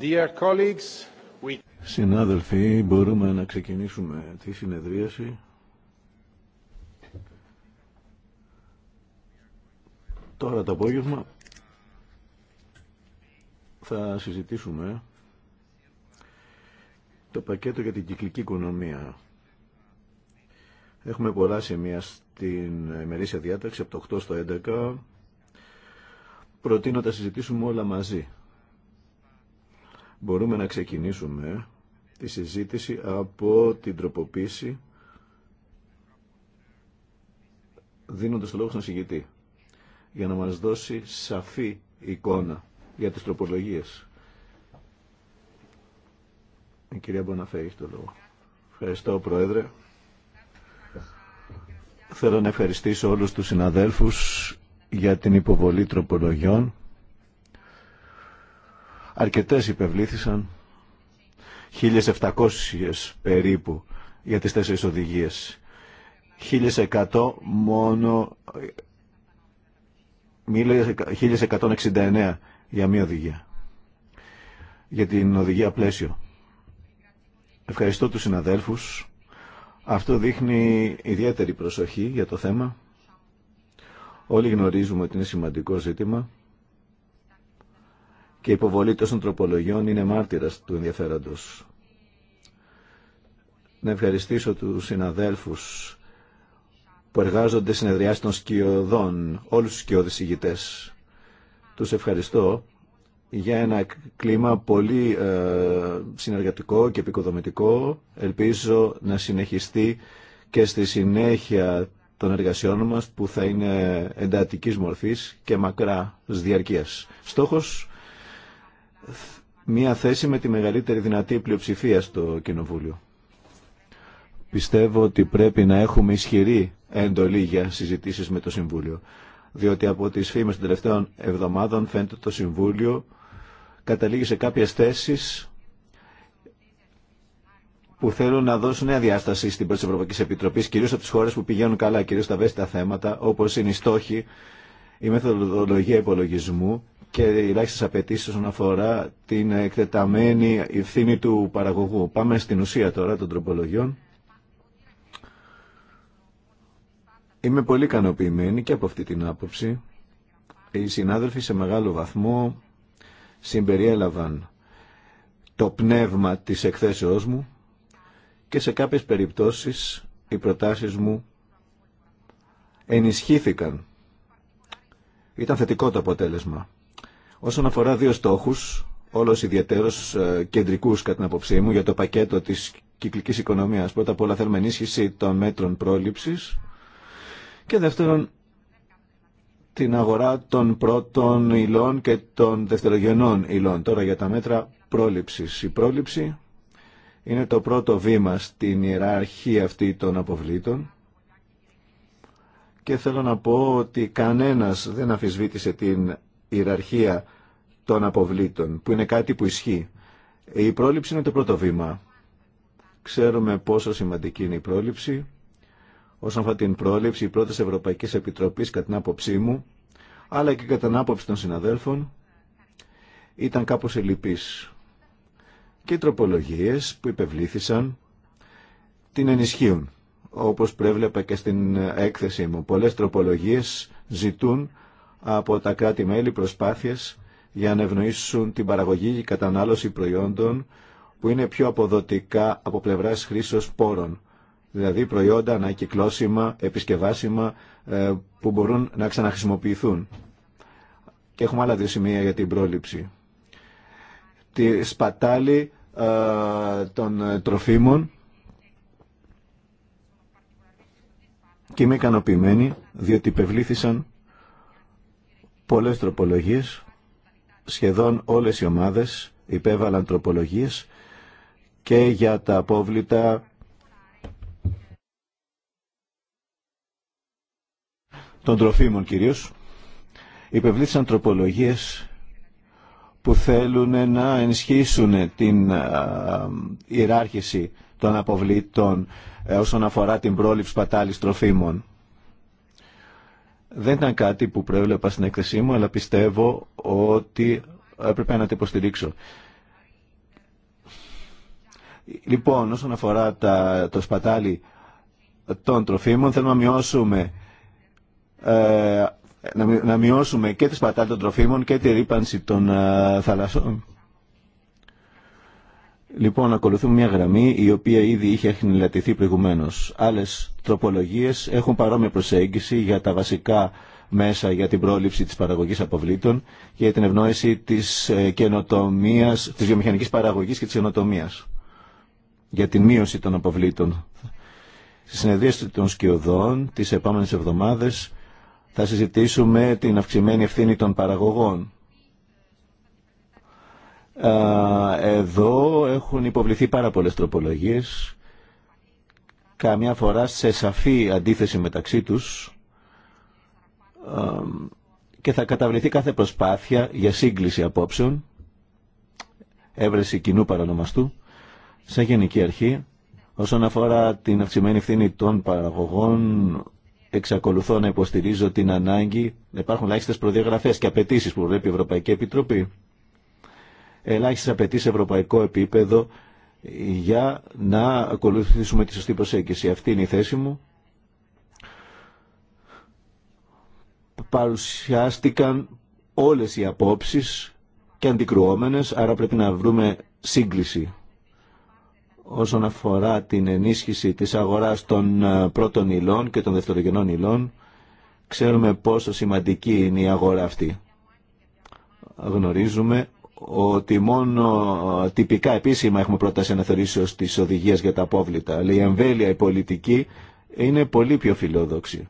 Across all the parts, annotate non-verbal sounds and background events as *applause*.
Dear colleagues, we... Συνάδελφοι, μπορούμε να ξεκινήσουμε τη συνεδρίαση. Τώρα το απόγευμα θα συζητήσουμε το πακέτο για την κυκλική οικονομία. Έχουμε πολλά σημεία στην ημερήσια διάταξη από το 8 στο 11. Προτείνω να τα συζητήσουμε όλα μαζί. Μπορούμε να ξεκινήσουμε τη συζήτηση από την τροποποίηση δίνοντας το λόγο στον συγκητή, για να μας δώσει σαφή εικόνα για τις τροπολογίες. Η κυρία Μποναφέ έχει το λόγο. Ευχαριστώ Πρόεδρε. Θέλω να ευχαριστήσω όλους τους συναδέλφους για την υποβολή τροπολογιών. Αρκετές υπευλήθησαν, 1.700 περίπου για τις τέσσερις οδηγίες. 1.100 μόνο, 1.169 για μία οδηγία, για την οδηγία πλαίσιο. Ευχαριστώ τους συναδέλφους αυτό δείχνει ιδιαίτερη προσοχή για το θέμα. Όλοι γνωρίζουμε ότι είναι σημαντικό ζήτημα και η υποβολή τόσων τροπολογιών είναι μάρτυρας του ενδιαφέροντος. Να ευχαριστήσω τους συναδέλφους που εργάζονται συνεδριάσεις των σκιωδών, όλους τους σκιώδης ηγητές. Τους ευχαριστώ για ένα κλίμα πολύ ε, συνεργατικό και επικοδομητικό. Ελπίζω να συνεχιστεί και στη συνέχεια των εργασιών μας που θα είναι εντατικής μορφής και μακρά διαρκείας. Στόχος μια θέση με τη μεγαλύτερη δυνατή πλειοψηφία στο Κοινοβούλιο. Πιστεύω ότι πρέπει να έχουμε ισχυρή εντολή για συζητήσεις με το Συμβούλιο, διότι από τις φήμες των τελευταίων εβδομάδων φαίνεται το Συμβούλιο καταλήγει σε κάποιες θέσεις που θέλουν να δώσουν νέα διάσταση στην πρώτη Ευρωπαϊκή Επιτροπή, κυρίω από τι χώρε που πηγαίνουν καλά, κυρίω τα βέστα θέματα, όπω είναι οι στόχοι, η μεθοδολογία υπολογισμού και οι ελάχιστε απαιτήσει όσον αφορά την εκτεταμένη ευθύνη του παραγωγού. Πάμε στην ουσία τώρα των τροπολογιών. Είμαι πολύ ικανοποιημένη και από αυτή την άποψη. Οι συνάδελφοι σε μεγάλο βαθμό συμπεριέλαβαν το πνεύμα της εκθέσεώς μου και σε κάποιες περιπτώσεις οι προτάσεις μου ενισχύθηκαν. Ήταν θετικό το αποτέλεσμα. Όσον αφορά δύο στόχους, όλος ιδιαίτερος ε, κεντρικούς κατά την απόψή μου για το πακέτο της κυκλικής οικονομίας. Πρώτα απ' όλα θέλουμε ενίσχυση των μέτρων πρόληψης και δεύτερον την αγορά των πρώτων υλών και των δευτερογενών υλών. Τώρα για τα μέτρα πρόληψης. Η πρόληψη είναι το πρώτο βήμα στην ιεραρχία αυτή των αποβλήτων και θέλω να πω ότι κανένας δεν αφισβήτησε την ιεραρχία των αποβλήτων που είναι κάτι που ισχύει. Η πρόληψη είναι το πρώτο βήμα. Ξέρουμε πόσο σημαντική είναι η πρόληψη Όσον αφορά την πρόληψη, η πρώτη Ευρωπαϊκή Επιτροπή, κατά την άποψή μου, αλλά και κατά την άποψη των συναδέλφων, ήταν κάπω ελλειπή. Και οι τροπολογίε που υπευλήθησαν την ενισχύουν. Όπω προέβλεπα και στην έκθεσή μου, πολλέ τροπολογίε ζητούν από τα κράτη-μέλη προσπάθειε για να ευνοήσουν την παραγωγή και κατανάλωση προϊόντων που είναι πιο αποδοτικά από πλευράς χρήσεως πόρων δηλαδή προϊόντα ανακυκλώσιμα, επισκευάσιμα ε, που μπορούν να ξαναχρησιμοποιηθούν. Και έχουμε άλλα δύο σημεία για την πρόληψη. Τη σπατάλη ε, των ε, τροφίμων και είμαι ικανοποιημένη διότι υπευλήθησαν πολλές τροπολογίες σχεδόν όλες οι ομάδες υπέβαλαν τροπολογίες και για τα απόβλητα των τροφίμων κυρίως, υπευλήθησαν τροπολογίες που θέλουν να ενισχύσουν την ιεράρχηση των αποβλήτων ε, όσον αφορά την πρόληψη πατάλης τροφίμων. Δεν ήταν κάτι που προέβλεπα στην έκθεσή μου, αλλά πιστεύω ότι έπρεπε να το υποστηρίξω. Λοιπόν, όσον αφορά τα, το σπατάλι των τροφίμων, θέλουμε να μειώσουμε ε, να μειώσουμε και τις πατάτες των τροφίμων και τη ρήπανση των ε, θαλασσών. Λοιπόν, ακολουθούμε μια γραμμή η οποία ήδη είχε χνηλατηθεί προηγουμένω. Άλλε τροπολογίε έχουν παρόμοια προσέγγιση για τα βασικά μέσα για την πρόληψη της παραγωγή αποβλήτων και για την ευνόηση τη ε, καινοτομία, τη βιομηχανική παραγωγή και τη καινοτομία. Για την μείωση των αποβλήτων. Στις συνεδρίες των σκιωδών τι επόμενε εβδομάδε θα συζητήσουμε την αυξημένη ευθύνη των παραγωγών. Εδώ έχουν υποβληθεί πάρα πολλές τροπολογίες, καμιά φορά σε σαφή αντίθεση μεταξύ τους και θα καταβληθεί κάθε προσπάθεια για σύγκληση απόψεων, έβρεση κοινού παρανομαστού, σε γενική αρχή. Όσον αφορά την αυξημένη ευθύνη των παραγωγών, εξακολουθώ να υποστηρίζω την ανάγκη να υπάρχουν ελάχιστε προδιαγραφέ και απαιτήσει που βλέπει η Ευρωπαϊκή Επιτροπή. Ελάχιστε απαιτήσει σε ευρωπαϊκό επίπεδο για να ακολουθήσουμε τη σωστή προσέγγιση. Αυτή είναι η θέση μου. Παρουσιάστηκαν όλες οι απόψεις και αντικρουόμενες, άρα πρέπει να βρούμε σύγκληση όσον αφορά την ενίσχυση της αγοράς των ε, πρώτων υλών και των δευτερογενών υλών. Ξέρουμε πόσο σημαντική είναι η αγορά αυτή. Γνωρίζουμε ότι μόνο ε, τυπικά επίσημα έχουμε πρόταση αναθεωρήσεως της οδηγίας για τα απόβλητα, αλλά η εμβέλεια η πολιτική είναι πολύ πιο φιλόδοξη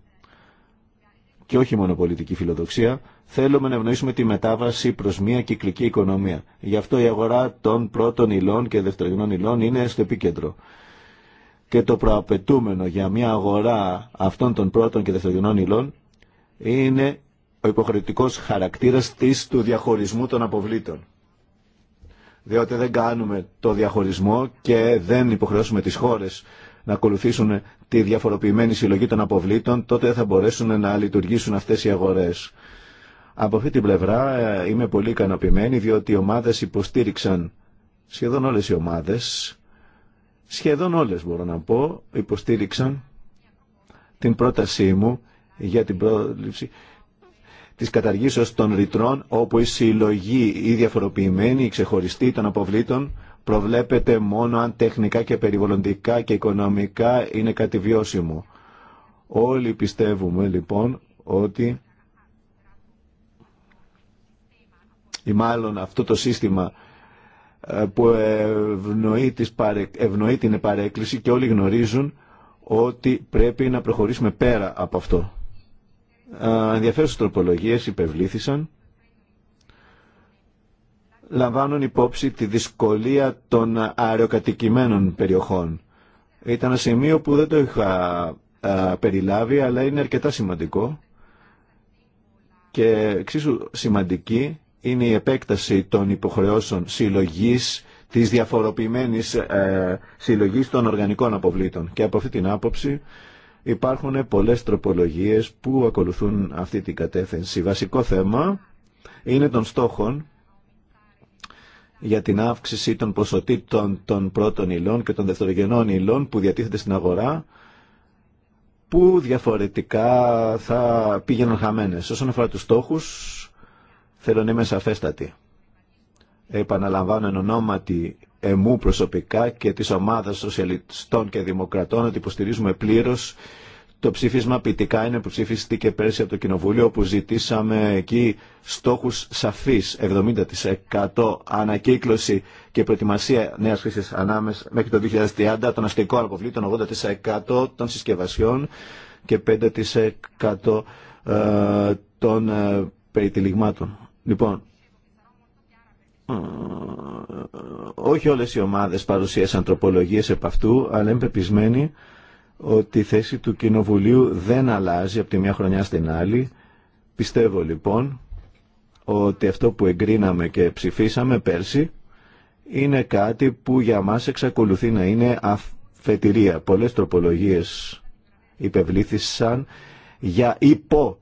και όχι μόνο πολιτική φιλοδοξία, θέλουμε να ευνοήσουμε τη μετάβαση προ μια κυκλική οικονομία. Γι' αυτό η αγορά των πρώτων υλών και δευτερογενών υλών είναι στο επίκεντρο. Και το προαπαιτούμενο για μια αγορά αυτών των πρώτων και δευτερογενών υλών είναι ο υποχρεωτικό χαρακτήρα τη του διαχωρισμού των αποβλήτων. Διότι δεν κάνουμε το διαχωρισμό και δεν υποχρεώσουμε τι χώρε να ακολουθήσουν τη διαφοροποιημένη συλλογή των αποβλήτων, τότε θα μπορέσουν να λειτουργήσουν αυτές οι αγορές. Από αυτή την πλευρά ε, είμαι πολύ ικανοποιημένη διότι οι ομάδες υποστήριξαν σχεδόν όλες οι ομάδες, σχεδόν όλες μπορώ να πω, υποστήριξαν την πρότασή μου για την πρόληψη της καταργήσεως των ρητρών όπου η συλλογή, η διαφοροποιημένη, η ξεχωριστή των αποβλήτων προβλέπεται μόνο αν τεχνικά και περιβαλλοντικά και οικονομικά είναι κάτι βιώσιμο. Όλοι πιστεύουμε λοιπόν ότι ή μάλλον αυτό το σύστημα ε, που ευνοεί, τις παρε... την παρέκκληση και όλοι γνωρίζουν ότι πρέπει να προχωρήσουμε πέρα από αυτό. Ενδιαφέρουσες τροπολογίες υπευλήθησαν λαμβάνουν υπόψη τη δυσκολία των αεροκατοικημένων περιοχών. Ήταν ένα σημείο που δεν το είχα περιλάβει, αλλά είναι αρκετά σημαντικό. Και εξίσου σημαντική είναι η επέκταση των υποχρεώσεων συλλογής της διαφοροποιημένης ε, συλλογής των οργανικών αποβλήτων. Και από αυτή την άποψη υπάρχουν πολλές τροπολογίες που ακολουθούν αυτή την κατεύθυνση. Βασικό θέμα είναι των στόχων για την αύξηση των ποσοτήτων των πρώτων υλών και των δευτερογενών υλών που διατίθεται στην αγορά που διαφορετικά θα πήγαιναν χαμένες. Όσον αφορά τους στόχους, θέλω να είμαι σαφέστατη. Επαναλαμβάνω εν ονόματι εμού προσωπικά και της ομάδας σοσιαλιστών και δημοκρατών ότι υποστηρίζουμε πλήρως το ψήφισμα ποιητικά είναι που ψηφίστηκε πέρσι από το Κοινοβούλιο όπου ζητήσαμε εκεί στόχους σαφείς 70% ανακύκλωση και προετοιμασία νέας χρήσης ανάμεσα μέχρι το 2030 των αστικών αποβλήτων 80% των συσκευασιών και 5% ε, των ε, περιτυλιγμάτων. Λοιπόν, ε, όχι όλες οι ομάδες παρουσίασαν τροπολογίες επ' αυτού, αλλά είμαι ότι η θέση του Κοινοβουλίου δεν αλλάζει από τη μια χρονιά στην άλλη. Πιστεύω λοιπόν ότι αυτό που εγκρίναμε και ψηφίσαμε πέρσι είναι κάτι που για μας εξακολουθεί να είναι αφετηρία. Πολλές τροπολογίες υπευλήθησαν για υπο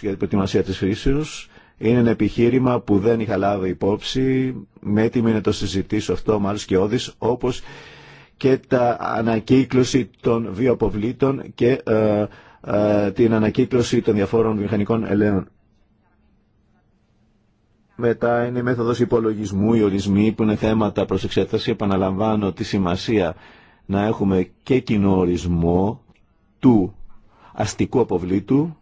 για την προετοιμασία της χρήσεως. Είναι ένα επιχείρημα που δεν είχα λάβει υπόψη. Με έτοιμη να το συζητήσω αυτό, μάλιστα και όδης, όπως και τα ανακύκλωση των βιοποβλήτων και ε, ε, την ανακύκλωση των διαφόρων βιομηχανικών ελαίων. Μετά είναι η μέθοδος υπολογισμού, οι ορισμοί που είναι θέματα προς εξέταση. Επαναλαμβάνω τη σημασία να έχουμε και κοινό ορισμό του αστικού αποβλήτου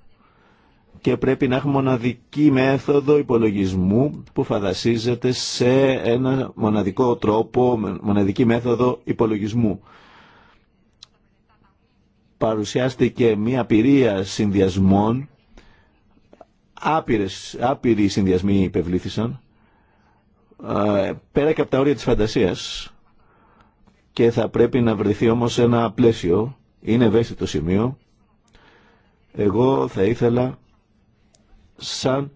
και πρέπει να έχουμε μοναδική μέθοδο υπολογισμού που φαντασίζεται σε ένα μοναδικό τρόπο, μοναδική μέθοδο υπολογισμού. Παρουσιάστηκε μία πυρία συνδυασμών, άπειρες, άπειροι συνδυασμοί υπευλήθησαν, ε, πέρα και από τα όρια της φαντασίας και θα πρέπει να βρεθεί όμως ένα πλαίσιο, είναι ευαίσθητο σημείο, εγώ θα ήθελα σαν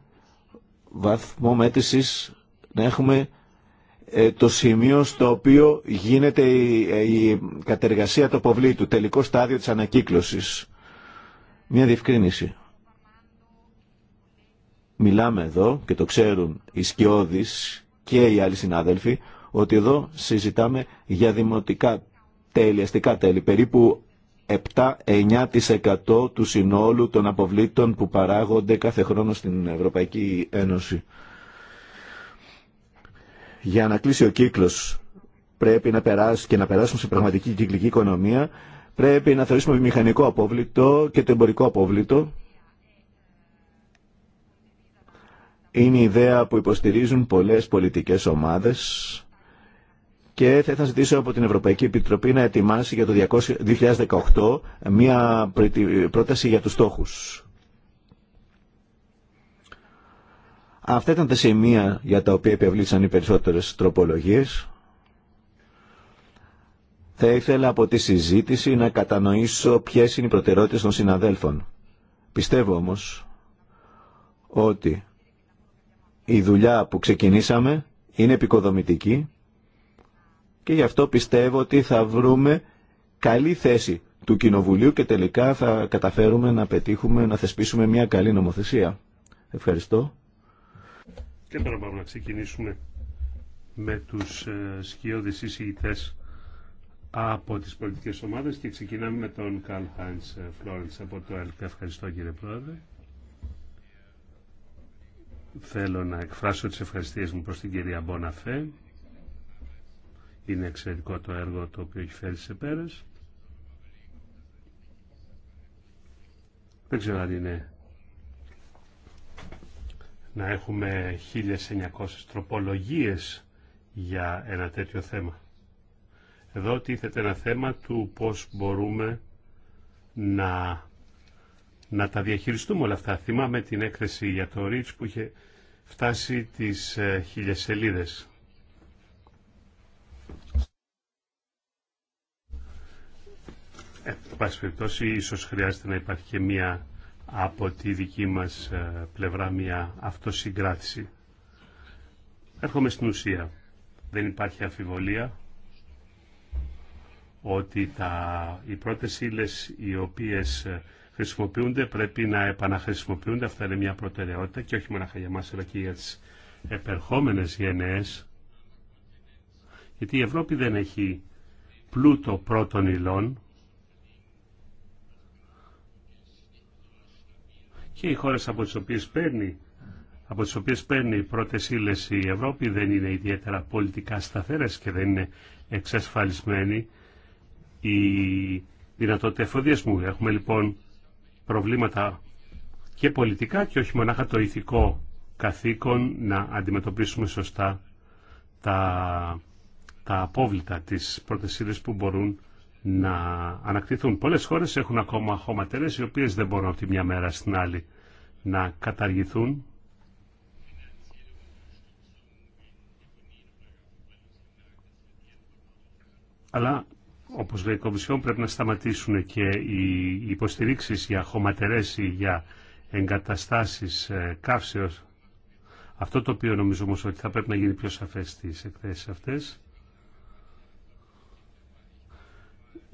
βαθμό μέτρησης να έχουμε ε, το σημείο στο οποίο γίνεται η ε, κατεργασία του αποβλήτου, τελικό στάδιο της ανακύκλωσης. Μια διευκρίνηση. Μιλάμε εδώ, και το ξέρουν οι σκιώδεις και οι άλλοι συνάδελφοι, ότι εδώ συζητάμε για δημοτικά τέλη, αστικά τέλη, περίπου 7-9% του συνόλου των αποβλήτων που παράγονται κάθε χρόνο στην Ευρωπαϊκή Ένωση. Για να κλείσει ο κύκλος πρέπει να περάσει και να περάσουμε σε πραγματική κυκλική οικονομία πρέπει να θεωρήσουμε μηχανικό απόβλητο και το εμπορικό απόβλητο. Είναι η ιδέα που υποστηρίζουν πολλές πολιτικές ομάδες και θα ήθελα να ζητήσω από την Ευρωπαϊκή Επιτροπή να ετοιμάσει για το 2018 μία πρόταση για τους στόχους. Αυτά ήταν τα σημεία για τα οποία επιβλήθησαν οι περισσότερες τροπολογίες. Θα ήθελα από τη συζήτηση να κατανοήσω ποιες είναι οι προτεραιότητες των συναδέλφων. Πιστεύω όμως ότι η δουλειά που ξεκινήσαμε είναι επικοδομητική και γι' αυτό πιστεύω ότι θα βρούμε καλή θέση του Κοινοβουλίου και τελικά θα καταφέρουμε να πετύχουμε, να θεσπίσουμε μια καλή νομοθεσία. Ευχαριστώ. Και τώρα πάμε να ξεκινήσουμε με τους ε, σκιώδεις εισηγητές από τις πολιτικές ομάδες και ξεκινάμε με τον Καλ Χάιντς ε, Φλόρεντς από το ΕΛΚ. Ευχαριστώ κύριε Πρόεδρε. Θέλω να εκφράσω τις ευχαριστίες μου προς την κυρία Μποναφέ είναι εξαιρετικό το έργο το οποίο έχει φέρει σε πέρας. Δεν ξέρω αν είναι να έχουμε 1900 τροπολογίες για ένα τέτοιο θέμα. Εδώ τίθεται ένα θέμα του πώς μπορούμε να, να τα διαχειριστούμε όλα αυτά. Θυμάμαι την έκθεση για το Ρίτς που είχε φτάσει τις ε, χίλιες σελίδες. Ε, εν πάση περιπτώσει, ίσως χρειάζεται να υπάρχει και μία από τη δική μας ε, πλευρά μία αυτοσυγκράτηση. Έρχομαι στην ουσία. Δεν υπάρχει αμφιβολία ότι τα, οι πρώτες υλε οι οποίες ε, χρησιμοποιούνται πρέπει να επαναχρησιμοποιούνται. Αυτά είναι μια προτεραιότητα και όχι μόνο για εμάς αλλά και για τι επερχόμενες γενναίες. Γιατί η Ευρώπη δεν έχει πλούτο πρώτων υλών και οι χώρες από τις οποίες παίρνει από τις οποίες παίρνει πρώτες η Ευρώπη δεν είναι ιδιαίτερα πολιτικά σταθερές και δεν είναι εξασφαλισμένη η δυνατότητα εφοδιασμού. Έχουμε λοιπόν προβλήματα και πολιτικά και όχι μονάχα το ηθικό καθήκον να αντιμετωπίσουμε σωστά τα, τα απόβλητα της πρώτες που μπορούν να ανακτηθούν. Πολλές χώρες έχουν ακόμα χωματερές οι οποίες δεν μπορούν από τη μια μέρα στην άλλη να καταργηθούν. Αλλά όπως λέει η Κομισιόν πρέπει να σταματήσουν και οι υποστηρίξεις για χωματερές ή για εγκαταστάσεις ε, καύσεως. Αυτό το οποίο νομίζω όμως ότι θα πρέπει να γίνει πιο σαφές στις εκθέσεις αυτές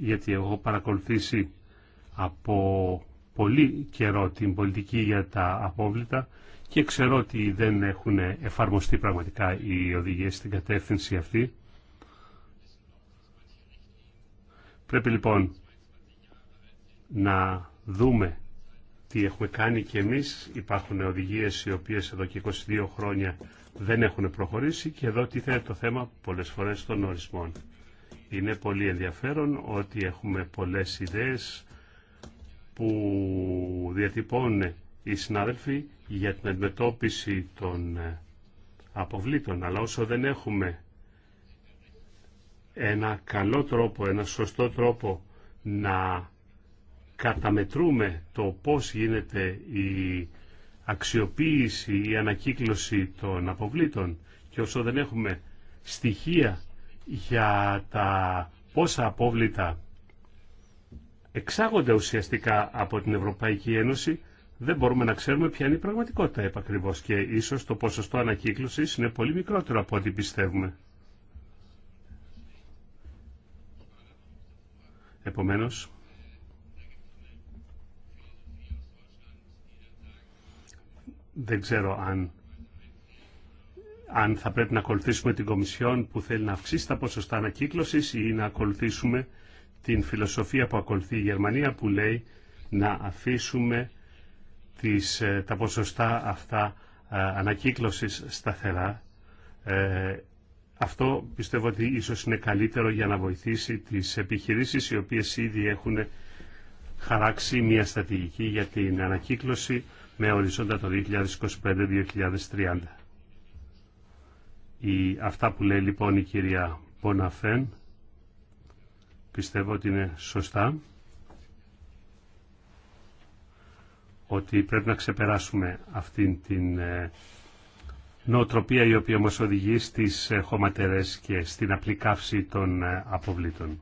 γιατί έχω παρακολουθήσει από πολύ καιρό την πολιτική για τα απόβλητα και ξέρω ότι δεν έχουν εφαρμοστεί πραγματικά οι οδηγίες στην κατεύθυνση αυτή. Πρέπει λοιπόν να δούμε τι έχουμε κάνει και εμείς. Υπάρχουν οδηγίες οι οποίες εδώ και 22 χρόνια δεν έχουν προχωρήσει και εδώ τίθεται το θέμα πολλές φορές των ορισμών. Είναι πολύ ενδιαφέρον ότι έχουμε πολλές ιδέες που διατυπώνουν οι συνάδελφοι για την αντιμετώπιση των ε, αποβλήτων. Αλλά όσο δεν έχουμε ένα καλό τρόπο, ένα σωστό τρόπο να καταμετρούμε το πώς γίνεται η αξιοποίηση, η ανακύκλωση των αποβλήτων και όσο δεν έχουμε στοιχεία για τα πόσα απόβλητα εξάγονται ουσιαστικά από την Ευρωπαϊκή Ένωση, δεν μπορούμε να ξέρουμε ποια είναι η πραγματικότητα επακριβώς και ίσως το ποσοστό ανακύκλωσης είναι πολύ μικρότερο από ό,τι πιστεύουμε. Επομένως δεν ξέρω αν αν θα πρέπει να ακολουθήσουμε την Κομισιόν που θέλει να αυξήσει τα ποσοστά ανακύκλωσης ή να ακολουθήσουμε την φιλοσοφία που ακολουθεί η Γερμανία που λέει να αφήσουμε τις, ε, τα ποσοστά αυτά ε, ανακύκλωσης σταθερά. Ε, αυτό πιστεύω ότι ίσως είναι καλύτερο για να βοηθήσει τις επιχειρήσεις οι οποίες ήδη έχουν χαράξει μια στρατηγική για την ανακύκλωση με οριζόντα το 2025-2030. Η, αυτά που λέει λοιπόν η κυρία Ποναφέν πιστεύω ότι είναι σωστά ότι πρέπει να ξεπεράσουμε αυτήν την ε, νοοτροπία η οποία μας οδηγεί στις ε, χωματερές και στην απλή καύση των ε, αποβλήτων.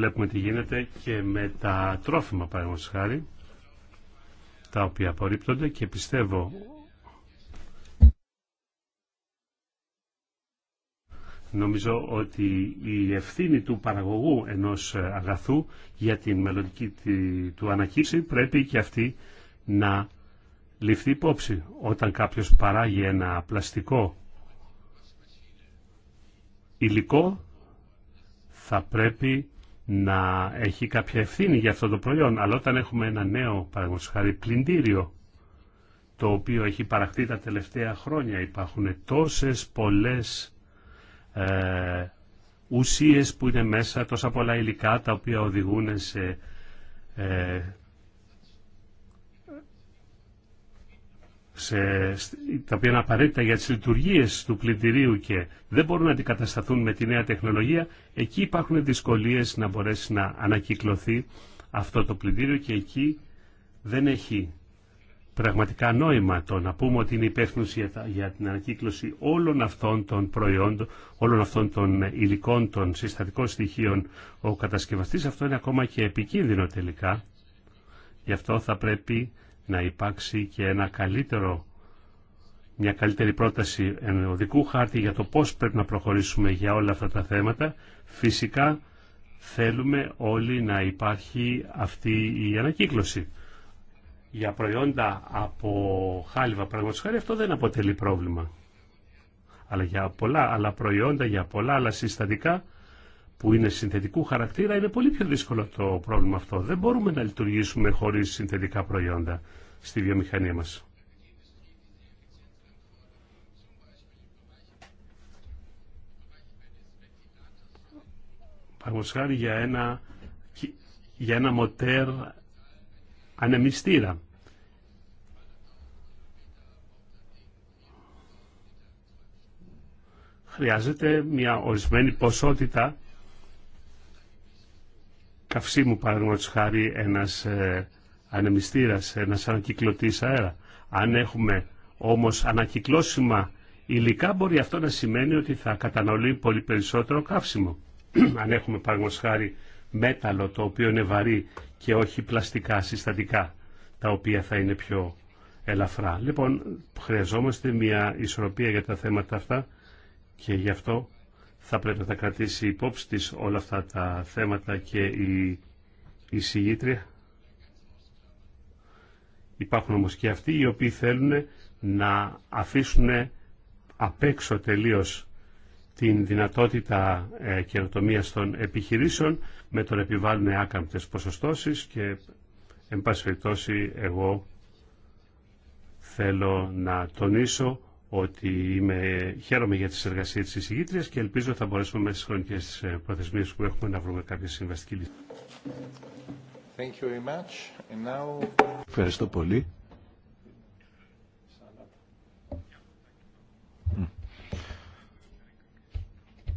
Βλέπουμε τι γίνεται και με τα τρόφιμα παραδείγματος χάρη, τα οποία απορρίπτονται και πιστεύω Νομίζω ότι η ευθύνη του παραγωγού ενός αγαθού για την μελλοντική του ανακύψη πρέπει και αυτή να ληφθεί υπόψη. Όταν κάποιος παράγει ένα πλαστικό υλικό θα πρέπει να έχει κάποια ευθύνη για αυτό το προϊόν. Αλλά όταν έχουμε ένα νέο, παραδείγματος χάρη, πλυντήριο, το οποίο έχει παραχθεί τα τελευταία χρόνια, υπάρχουν τόσες πολλές ε, ουσίες που είναι μέσα, τόσα πολλά υλικά τα οποία οδηγούν σε ε, σε, τα οποία είναι απαραίτητα για τις λειτουργίες του πλυντηρίου και δεν μπορούν να αντικατασταθούν με τη νέα τεχνολογία, εκεί υπάρχουν δυσκολίες να μπορέσει να ανακυκλωθεί αυτό το πλυντήριο και εκεί δεν έχει πραγματικά νόημα το να πούμε ότι είναι υπεύθυνο για την ανακύκλωση όλων αυτών των προϊόντων, όλων αυτών των υλικών, των συστατικών στοιχείων ο κατασκευαστής. Αυτό είναι ακόμα και επικίνδυνο τελικά. Γι' αυτό θα πρέπει να υπάρξει και ένα καλύτερο, μια καλύτερη πρόταση ενοδικού χάρτη για το πώς πρέπει να προχωρήσουμε για όλα αυτά τα θέματα. Φυσικά θέλουμε όλοι να υπάρχει αυτή η ανακύκλωση. Για προϊόντα από χάλιβα πραγματικά αυτό δεν αποτελεί πρόβλημα. Αλλά για πολλά άλλα προϊόντα, για πολλά άλλα συστατικά που είναι συνθετικού χαρακτήρα είναι πολύ πιο δύσκολο το πρόβλημα αυτό. Δεν μπορούμε να λειτουργήσουμε χωρίς συνθετικά προϊόντα στη βιομηχανία μας. Παραγωγή για ένα, για ένα μοτέρ ανεμιστήρα. Χρειάζεται μια ορισμένη ποσότητα καυσίμου παραδείγματος χάρη ένας ε, ανεμιστήρας, ένας ανακυκλωτής αέρα. Αν έχουμε όμως ανακυκλώσιμα υλικά μπορεί αυτό να σημαίνει ότι θα καταναλώνει πολύ περισσότερο καύσιμο. *clears throat* Αν έχουμε χάρη μέταλλο το οποίο είναι βαρύ και όχι πλαστικά συστατικά τα οποία θα είναι πιο ελαφρά. Λοιπόν, χρειαζόμαστε μια ισορροπία για τα θέματα αυτά και γι' αυτό θα πρέπει να τα κρατήσει υπόψη της όλα αυτά τα θέματα και η συγγήτρια Υπάρχουν όμως και αυτοί οι οποίοι θέλουν να αφήσουν απ' έξω τελείως την δυνατότητα ε, καινοτομίας των επιχειρήσεων με τον επιβάλλουν άκαμπτες ποσοστώσεις και εν πάση περιπτώσει εγώ θέλω να τονίσω ότι είμαι, χαίρομαι για τις εργασίες της εισηγήτριας και ελπίζω θα μπορέσουμε μέσα στις χρονικές ε, προθεσμίες που έχουμε να βρούμε κάποια συμβαστική λύση. Ευχαριστώ πολύ.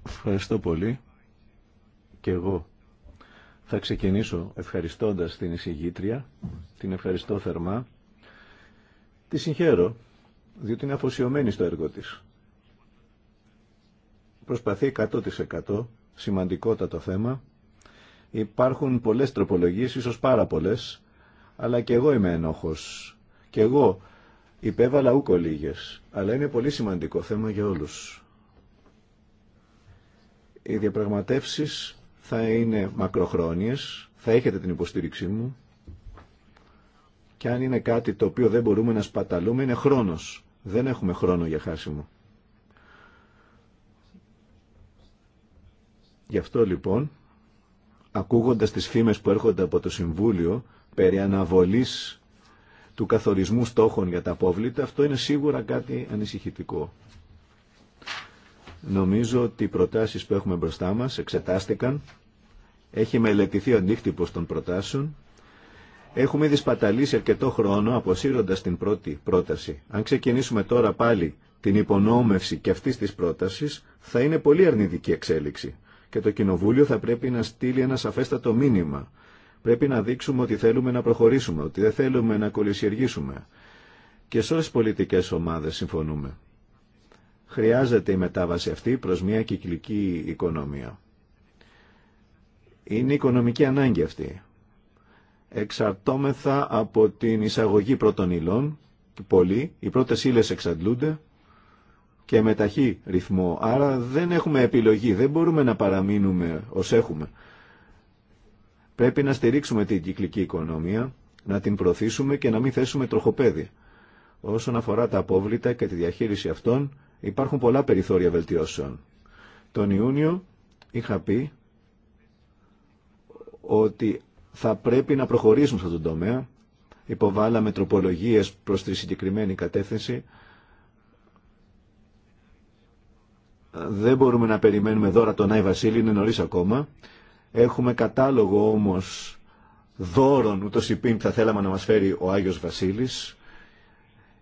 Ευχαριστώ πολύ και εγώ. Θα ξεκινήσω ευχαριστώντας την εισηγήτρια, την ευχαριστώ θερμά. Τη συγχαίρω, διότι είναι αφοσιωμένη στο έργο της. Προσπαθεί 100% σημαντικότατο θέμα Υπάρχουν πολλές τροπολογίες, ίσως πάρα πολλές, αλλά και εγώ είμαι ενόχος. Και εγώ υπέβαλα ούκο λίγες, αλλά είναι πολύ σημαντικό θέμα για όλους. Οι διαπραγματεύσεις θα είναι μακροχρόνιες, θα έχετε την υποστήριξή μου και αν είναι κάτι το οποίο δεν μπορούμε να σπαταλούμε είναι χρόνος. Δεν έχουμε χρόνο για χάσιμο. Γι' αυτό λοιπόν ακούγοντας τις φήμες που έρχονται από το Συμβούλιο περί αναβολής του καθορισμού στόχων για τα απόβλητα, αυτό είναι σίγουρα κάτι ανησυχητικό. Νομίζω ότι οι προτάσεις που έχουμε μπροστά μας εξετάστηκαν, έχει μελετηθεί ο αντίκτυπος των προτάσεων, έχουμε ήδη σπαταλήσει αρκετό χρόνο αποσύροντας την πρώτη πρόταση. Αν ξεκινήσουμε τώρα πάλι την υπονόμευση και αυτής της πρότασης, θα είναι πολύ αρνητική εξέλιξη και το Κοινοβούλιο θα πρέπει να στείλει ένα σαφέστατο μήνυμα. Πρέπει να δείξουμε ότι θέλουμε να προχωρήσουμε, ότι δεν θέλουμε να κολυσιεργήσουμε. Και σε όλες τις πολιτικές ομάδες συμφωνούμε. Χρειάζεται η μετάβαση αυτή προς μια κυκλική οικονομία. Είναι οικονομική ανάγκη αυτή. Εξαρτώμεθα από την εισαγωγή πρώτων υλών, πολύ, οι πρώτες ύλες εξαντλούνται, και με ταχύ ρυθμό. Άρα δεν έχουμε επιλογή, δεν μπορούμε να παραμείνουμε ως έχουμε. Πρέπει να στηρίξουμε την κυκλική οικονομία, να την προωθήσουμε και να μην θέσουμε τροχοπέδι. Όσον αφορά τα απόβλητα και τη διαχείριση αυτών, υπάρχουν πολλά περιθώρια βελτιώσεων. Τον Ιούνιο είχα πει ότι θα πρέπει να προχωρήσουμε σε αυτόν τον τομέα. Υποβάλαμε τροπολογίες προς τη συγκεκριμένη κατεύθυνση Δεν μπορούμε να περιμένουμε δώρα τον Άι Βασίλη, είναι νωρίς ακόμα. Έχουμε κατάλογο όμως δώρων ούτως που θα θέλαμε να μας φέρει ο Άγιος Βασίλης.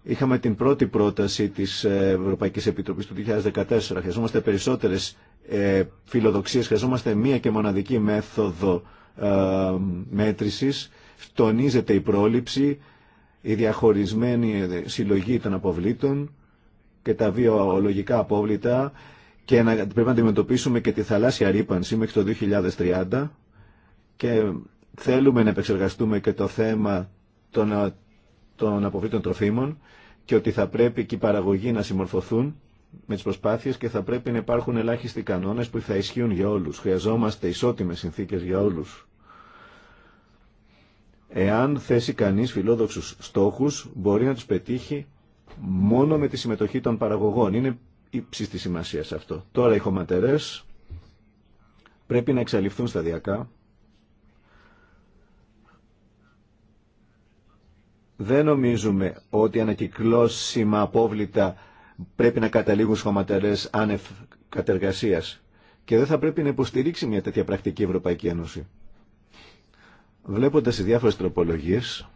Είχαμε την πρώτη πρόταση της Ευρωπαϊκής Επιτροπής του 2014. Χρειαζόμαστε περισσότερες φιλοδοξίε, φιλοδοξίες, χρειαζόμαστε μία και μοναδική μέθοδο μέτρηση. Ε, μέτρησης. Τονίζεται η πρόληψη, η διαχωρισμένη ε, συλλογή των αποβλήτων και τα βιολογικά απόβλητα και πρέπει να αντιμετωπίσουμε και τη θαλάσσια ρήπανση μέχρι το 2030 και θέλουμε να επεξεργαστούμε και το θέμα των, των αποβλήτων τροφίμων και ότι θα πρέπει και οι παραγωγοί να συμμορφωθούν με τις προσπάθειες και θα πρέπει να υπάρχουν ελάχιστοι κανόνες που θα ισχύουν για όλους. Χρειαζόμαστε ισότιμες συνθήκες για όλους. Εάν θέσει κανείς φιλόδοξους στόχους, μπορεί να τους πετύχει μόνο με τη συμμετοχή των παραγωγών. Είναι ύψης της σημασίας αυτό. Τώρα οι χωματερές πρέπει να εξαλειφθούν σταδιακά. Δεν νομίζουμε ότι ανακυκλώσιμα απόβλητα πρέπει να καταλήγουν σχωματερές άνευ κατεργασίας και δεν θα πρέπει να υποστηρίξει μια τέτοια πρακτική Ευρωπαϊκή Ένωση. Βλέποντας οι διάφορες τροπολογίες,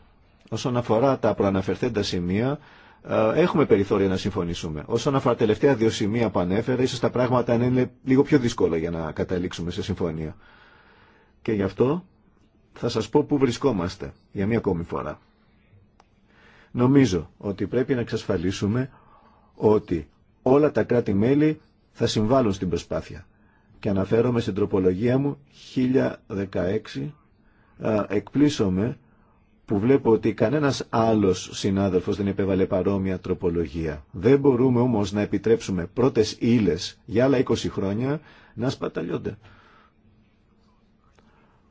όσον αφορά τα προαναφερθέντα σημεία, ε, έχουμε περιθώρια να συμφωνήσουμε. Όσον αφορά τα τελευταία δύο σημεία που ανέφερα, ίσως τα πράγματα είναι λίγο πιο δύσκολα για να καταλήξουμε σε συμφωνία. Και γι' αυτό θα σας πω πού βρισκόμαστε για μία ακόμη φορά. Νομίζω ότι πρέπει να εξασφαλίσουμε ότι όλα τα κράτη-μέλη θα συμβάλλουν στην προσπάθεια. Και αναφέρομαι στην τροπολογία μου 1016, ε, εκπλήσωμε που βλέπω ότι κανένας άλλος συνάδελφος δεν επέβαλε παρόμοια τροπολογία. Δεν μπορούμε όμως να επιτρέψουμε πρώτες ύλες για άλλα 20 χρόνια να σπαταλιώνται.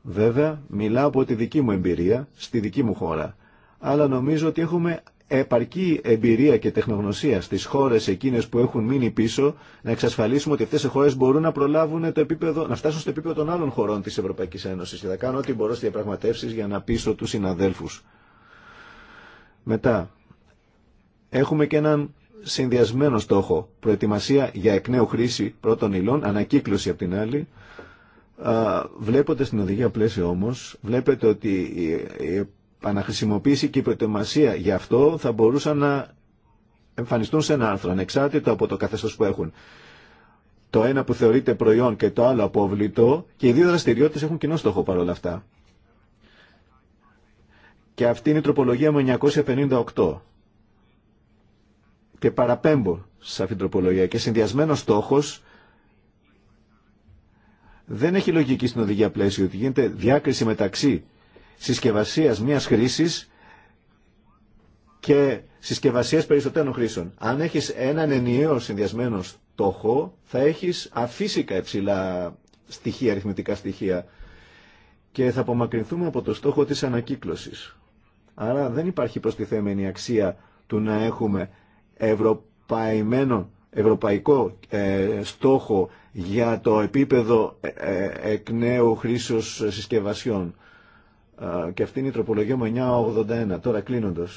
Βέβαια, μιλάω από τη δική μου εμπειρία, στη δική μου χώρα, αλλά νομίζω ότι έχουμε επαρκή εμπειρία και τεχνογνωσία στις χώρες εκείνε που έχουν μείνει πίσω, να εξασφαλίσουμε ότι αυτέ οι χώρε μπορούν να προλάβουν το επίπεδο, να φτάσουν στο επίπεδο των άλλων χωρών τη Ευρωπαϊκή Ένωση. και θα κάνω ό,τι μπορώ στι διαπραγματεύσει για να πείσω του συναδέλφου. Μετά, έχουμε και έναν συνδυασμένο στόχο, προετοιμασία για εκ νέου χρήση πρώτων υλών, ανακύκλωση από την άλλη, Βλέποντα την οδηγία πλαίσιο όμω, βλέπετε ότι χρησιμοποιήσει και η προετοιμασία για αυτό θα μπορούσαν να εμφανιστούν σε ένα άρθρο, ανεξάρτητα από το καθεστώς που έχουν. Το ένα που θεωρείται προϊόν και το άλλο απόβλητο και οι δύο δραστηριότητες έχουν κοινό στόχο παρόλα αυτά. Και αυτή είναι η τροπολογία με 958. Και παραπέμπω σε αυτήν την τροπολογία. Και συνδυασμένος στόχος δεν έχει λογική στην οδηγία πλαίσιο ότι γίνεται διάκριση μεταξύ συσκευασίας μιας χρήσης και συσκευασίας περισσότερων χρήσεων. Αν έχεις έναν ενιαίο συνδυασμένο στόχο, θα έχεις αφύσικα υψηλά στοιχεία, αριθμητικά στοιχεία και θα απομακρυνθούμε από το στόχο της ανακύκλωσης. Άρα δεν υπάρχει προστιθέμενη αξία του να έχουμε ευρωπαϊμένο, ευρωπαϊκό ε, στόχο για το επίπεδο ε, ε, εκ νέου χρήσεως συσκευασιών και αυτή είναι η τροπολογία μου 981. Τώρα κλείνοντα.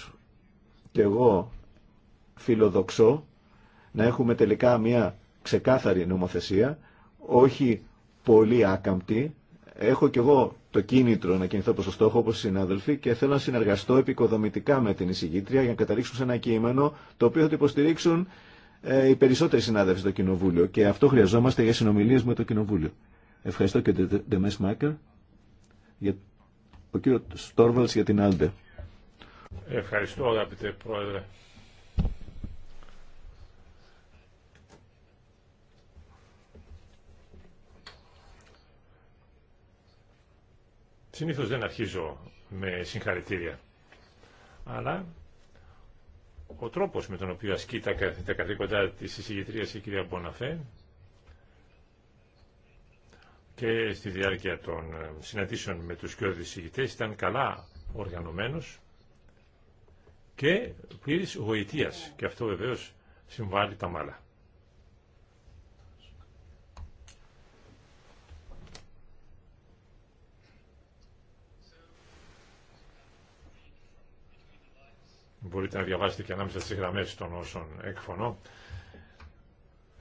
και εγώ φιλοδοξώ να έχουμε τελικά μια ξεκάθαρη νομοθεσία, όχι πολύ άκαμπτη. Έχω κι εγώ το κίνητρο να κινηθώ προς το στόχο όπω οι συνάδελφοι και θέλω να συνεργαστώ επικοδομητικά με την εισηγήτρια για να καταλήξουν σε ένα κείμενο το οποίο θα το υποστηρίξουν ε, οι περισσότεροι συνάδελφοι στο Κοινοβούλιο και αυτό χρειαζόμαστε για συνομιλίε με το Κοινοβούλιο. Ευχαριστώ και τον Μάκερ ο κύριο Στόρβαλς για την Άλντε. Ευχαριστώ αγαπητέ Πρόεδρε. Συνήθως δεν αρχίζω με συγχαρητήρια. Αλλά ο τρόπος με τον οποίο ασκεί τα καθήκοντα της εισηγητρίας η κυρία Μποναφέ και στη διάρκεια των ε, συναντήσεων με τους κοιόδη ηγητές ήταν καλά οργανωμένος και πλήρης γοητείας και αυτό βεβαίως συμβάλλει τα μάλα. Μπορείτε να διαβάσετε και ανάμεσα στις γραμμές των όσων εκφωνώ.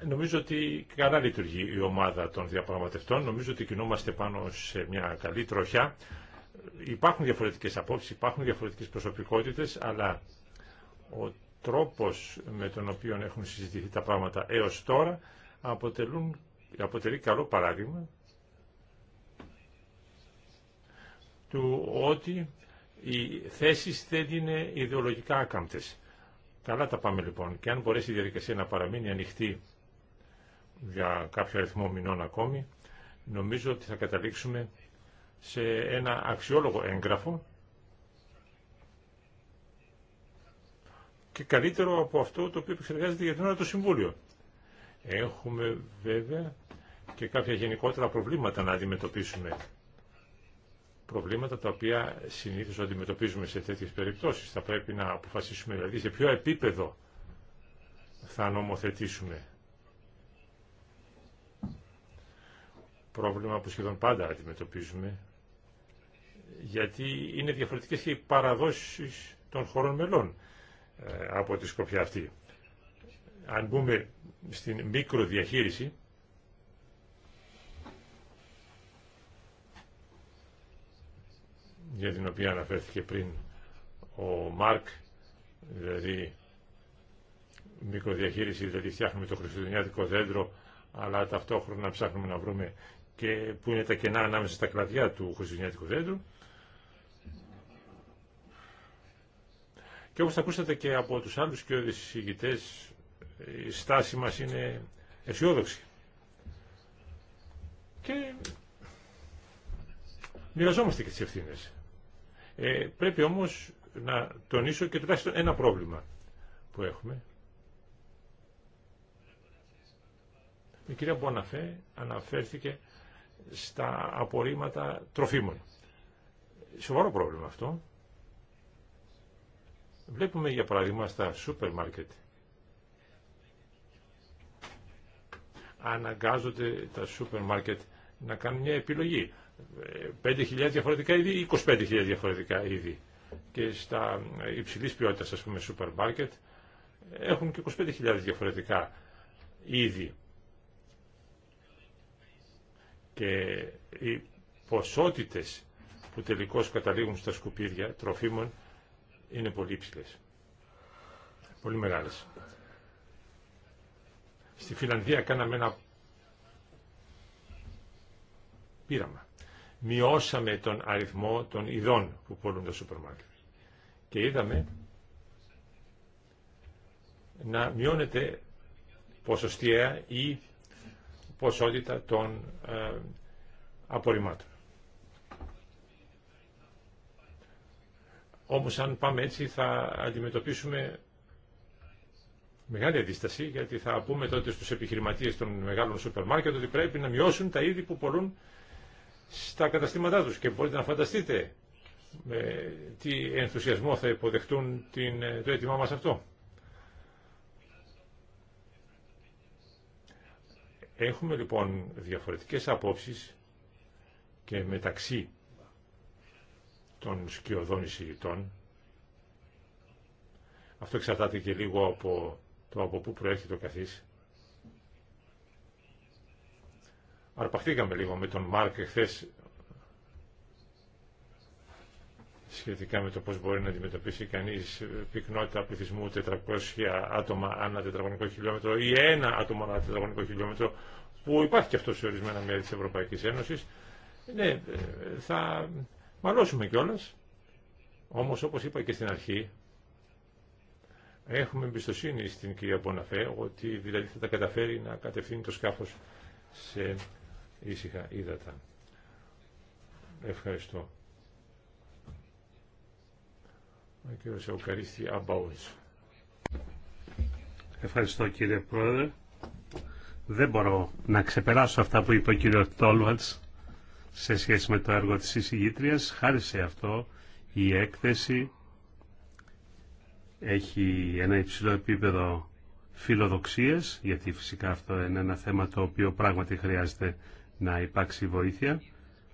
Νομίζω ότι καλά λειτουργεί η ομάδα των διαπραγματευτών. Νομίζω ότι κινούμαστε πάνω σε μια καλή τροχιά. Υπάρχουν διαφορετικές απόψεις, υπάρχουν διαφορετικές προσωπικότητες, αλλά ο τρόπος με τον οποίο έχουν συζητηθεί τα πράγματα έως τώρα αποτελούν, αποτελεί καλό παράδειγμα του ότι οι θέσεις δεν είναι ιδεολογικά άκαμπτες. Καλά τα πάμε λοιπόν και αν μπορέσει η διαδικασία να παραμείνει ανοιχτή για κάποιο αριθμό μηνών ακόμη, νομίζω ότι θα καταλήξουμε σε ένα αξιόλογο έγγραφο και καλύτερο από αυτό το οποίο επεξεργάζεται για την ώρα το Συμβούλιο. Έχουμε βέβαια και κάποια γενικότερα προβλήματα να αντιμετωπίσουμε. Προβλήματα τα οποία συνήθως αντιμετωπίζουμε σε τέτοιες περιπτώσεις. Θα πρέπει να αποφασίσουμε δηλαδή σε ποιο επίπεδο θα νομοθετήσουμε. πρόβλημα που σχεδόν πάντα αντιμετωπίζουμε, γιατί είναι διαφορετικές και οι παραδόσεις των χωρών μελών ε, από τη σκοπιά αυτή. Αν μπούμε στην μικροδιαχείριση, για την οποία αναφέρθηκε πριν ο Μάρκ, δηλαδή μικροδιαχείριση, δηλαδή φτιάχνουμε το χριστουγεννιάτικο δέντρο, αλλά ταυτόχρονα ψάχνουμε να βρούμε και που είναι τα κενά ανάμεσα στα κλαδιά του Χριστουγεννιάτικου Δέντρου. Και όπως ακούσατε και από τους άλλους και ηγητές, η στάση μας είναι αισιόδοξη. Και μοιραζόμαστε και τις ευθύνες. Ε, πρέπει όμως να τονίσω και τουλάχιστον ένα πρόβλημα που έχουμε. Η κυρία Μποναφέ αναφέρθηκε στα απορρίμματα τροφίμων. Σοβαρό πρόβλημα αυτό. Βλέπουμε για παράδειγμα στα σούπερ μάρκετ. Αναγκάζονται τα σούπερ μάρκετ να κάνουν μια επιλογή. 5.000 διαφορετικά είδη, 25.000 διαφορετικά είδη. Και στα υψηλής ποιότητας ας πούμε σούπερ μάρκετ έχουν και 25.000 διαφορετικά είδη και οι ποσότητες που τελικώς καταλήγουν στα σκουπίδια τροφίμων είναι πολύ υψηλε, Πολύ μεγάλες. Στη Φιλανδία κάναμε ένα πείραμα. Μειώσαμε τον αριθμό των ειδών που πόλουν τα σούπερ μάρκετ. Και είδαμε να μειώνεται ποσοστιαία ή ποσότητα των ε, απορριμμάτων. Όμως αν πάμε έτσι θα αντιμετωπίσουμε μεγάλη αντίσταση γιατί θα πούμε τότε στους επιχειρηματίες των μεγάλων σούπερ μάρκετ ότι πρέπει να μειώσουν τα είδη που πολλούν στα καταστήματά τους και μπορείτε να φανταστείτε με τι ενθουσιασμό θα υποδεχτούν την, ε, το έτοιμά μας αυτό. Έχουμε λοιπόν διαφορετικές απόψεις και μεταξύ των σκιωδών εισηγητών. Αυτό εξαρτάται και λίγο από το από πού προέρχεται ο καθής. Αρπαχτήκαμε λίγο με τον Μάρκ εχθές σχετικά με το πώς μπορεί να αντιμετωπίσει κανείς πυκνότητα πληθυσμού 400 άτομα ανά τετραγωνικό χιλιόμετρο ή ένα άτομο ανά τετραγωνικό χιλιόμετρο που υπάρχει και αυτό σε ορισμένα μέρη της Ευρωπαϊκής Ένωσης ναι, ε, θα μαλώσουμε κιόλα. όμως όπως είπα και στην αρχή έχουμε εμπιστοσύνη στην κυρία Μποναφέ ότι δηλαδή θα τα καταφέρει να κατευθύνει το σκάφος σε ήσυχα ύδατα. Ευχαριστώ. Ευχαριστώ κύριε Πρόεδρε. Δεν μπορώ να ξεπεράσω αυτά που είπε ο κύριο Τόλβατς σε σχέση με το έργο της εισηγήτριας. Χάρη σε αυτό η έκθεση έχει ένα υψηλό επίπεδο φιλοδοξίες, γιατί φυσικά αυτό είναι ένα θέμα το οποίο πράγματι χρειάζεται να υπάρξει βοήθεια,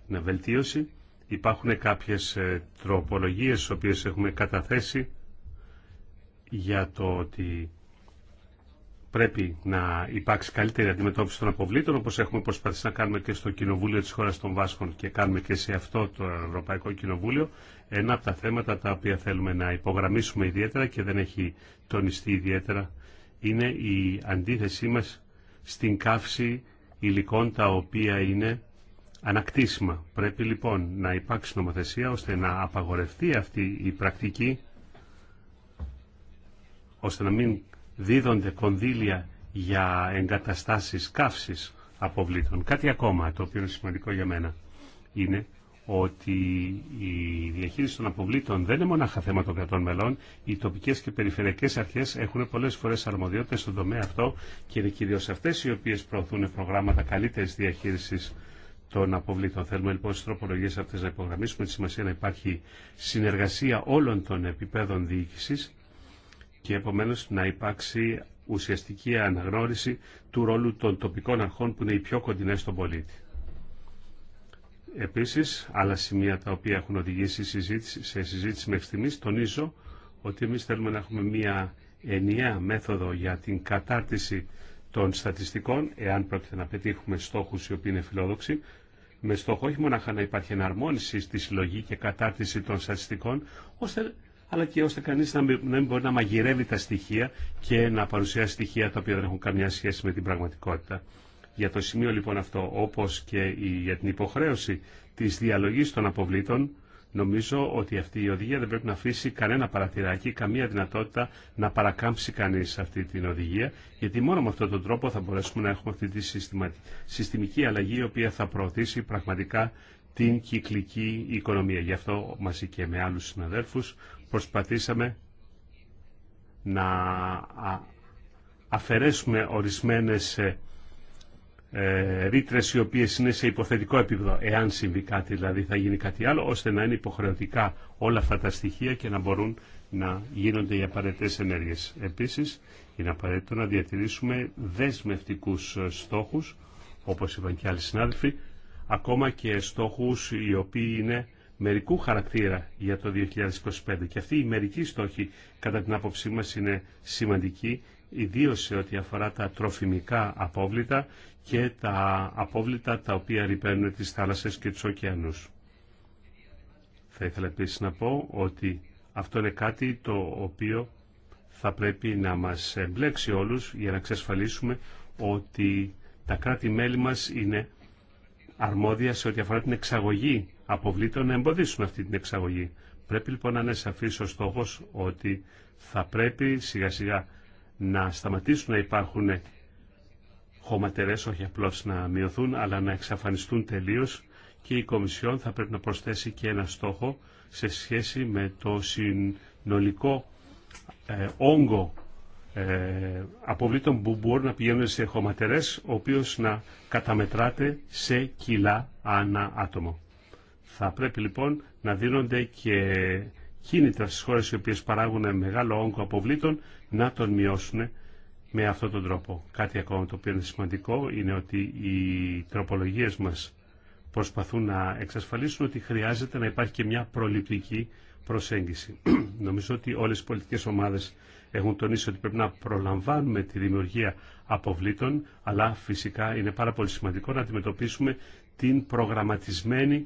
να βελτίωση. Υπάρχουν κάποιες ε, τροπολογίες τις οποίες έχουμε καταθέσει για το ότι πρέπει να υπάρξει καλύτερη αντιμετώπιση των αποβλήτων όπως έχουμε προσπαθήσει να κάνουμε και στο Κοινοβούλιο της χώρας των Βάσκων και κάνουμε και σε αυτό το Ευρωπαϊκό Κοινοβούλιο ένα από τα θέματα τα οποία θέλουμε να υπογραμμίσουμε ιδιαίτερα και δεν έχει τονιστεί ιδιαίτερα είναι η αντίθεσή μας στην καύση υλικών τα οποία είναι ανακτήσιμα. Πρέπει λοιπόν να υπάρξει νομοθεσία ώστε να απαγορευτεί αυτή η πρακτική, ώστε να μην δίδονται κονδύλια για εγκαταστάσεις καύσης αποβλήτων. Κάτι ακόμα το οποίο είναι σημαντικό για μένα είναι ότι η διαχείριση των αποβλήτων δεν είναι μονάχα θέμα των κρατών μελών. Οι τοπικές και περιφερειακές αρχές έχουν πολλές φορές αρμοδιότητες στον τομέα αυτό και είναι κυρίως αυτές οι οποίες προωθούν προγράμματα καλύτερης διαχείρισης των αποβλήτων. Θέλουμε λοιπόν στι τροπολογίε αυτέ να υπογραμμίσουμε τη σημασία να υπάρχει συνεργασία όλων των επιπέδων διοίκηση και επομένω να υπάρξει ουσιαστική αναγνώριση του ρόλου των τοπικών αρχών που είναι οι πιο κοντινέ στον πολίτη. Επίση, άλλα σημεία τα οποία έχουν οδηγήσει συζήτηση, σε συζήτηση μέχρι στιγμή, τονίζω ότι εμεί θέλουμε να έχουμε μία ενιαία μέθοδο για την κατάρτιση των στατιστικών, εάν πρόκειται να πετύχουμε στόχους οι οποίοι είναι φιλόδοξοι, με στόχο όχι μόνο να υπάρχει εναρμόνιση στη συλλογή και κατάρτιση των στατιστικών, ώστε, αλλά και ώστε κανείς να μην, μπορεί να μαγειρεύει τα στοιχεία και να παρουσιάσει στοιχεία τα οποία δεν έχουν καμιά σχέση με την πραγματικότητα. Για το σημείο λοιπόν αυτό, όπως και η, για την υποχρέωση της διαλογής των αποβλήτων, Νομίζω ότι αυτή η οδηγία δεν πρέπει να αφήσει κανένα παρατηράκι, καμία δυνατότητα να παρακάμψει κανείς αυτή την οδηγία, γιατί μόνο με αυτόν τον τρόπο θα μπορέσουμε να έχουμε αυτή τη συστημική αλλαγή, η οποία θα προωθήσει πραγματικά την κυκλική οικονομία. Γι' αυτό μαζί και με άλλους συναδέλφους προσπαθήσαμε να αφαιρέσουμε ορισμένες ε, ε, ρήτρε οι οποίε είναι σε υποθετικό επίπεδο, εάν συμβεί κάτι δηλαδή θα γίνει κάτι άλλο, ώστε να είναι υποχρεωτικά όλα αυτά τα στοιχεία και να μπορούν να γίνονται οι απαραίτητε ενέργειε. Επίση, είναι απαραίτητο να διατηρήσουμε δεσμευτικού ε, στόχου, όπω είπαν και άλλοι συνάδελφοι, ακόμα και στόχου οι οποίοι είναι μερικού χαρακτήρα για το 2025. Και αυτοί οι μερικοί στόχοι κατά την άποψή μα, είναι σημαντική, ιδίως σε ό,τι αφορά τα τροφιμικά απόβλητα και τα απόβλητα τα οποία ρηπαίνουν τις θάλασσες και τους ωκεανούς. Θα ήθελα επίσης να πω ότι αυτό είναι κάτι το οποίο θα πρέπει να μας εμπλέξει όλους για να εξασφαλίσουμε ότι τα κράτη-μέλη μας είναι αρμόδια σε ό,τι αφορά την εξαγωγή αποβλήτων να εμποδίσουν αυτή την εξαγωγή. Πρέπει λοιπόν να είναι σαφής ο στόχος ότι θα πρέπει σιγά σιγά να σταματήσουν να υπάρχουν χωματερές όχι απλώς να μειωθούν αλλά να εξαφανιστούν τελείως και η Κομισιόν θα πρέπει να προσθέσει και ένα στόχο σε σχέση με το συνολικό ε, όγκο ε, αποβλήτων που μπορούν να πηγαίνουν σε χωματερές ο οποίος να καταμετράται σε κιλά ανά άτομο. Θα πρέπει λοιπόν να δίνονται και κίνητρα στις χώρες οι οποίες παράγουν μεγάλο όγκο αποβλήτων να τον μειώσουν με αυτόν τον τρόπο. Κάτι ακόμα το οποίο είναι σημαντικό είναι ότι οι τροπολογίες μας προσπαθούν να εξασφαλίσουν ότι χρειάζεται να υπάρχει και μια προληπτική προσέγγιση. *clears throat* Νομίζω ότι όλες οι πολιτικές ομάδες έχουν τονίσει ότι πρέπει να προλαμβάνουμε τη δημιουργία αποβλήτων, αλλά φυσικά είναι πάρα πολύ σημαντικό να αντιμετωπίσουμε την προγραμματισμένη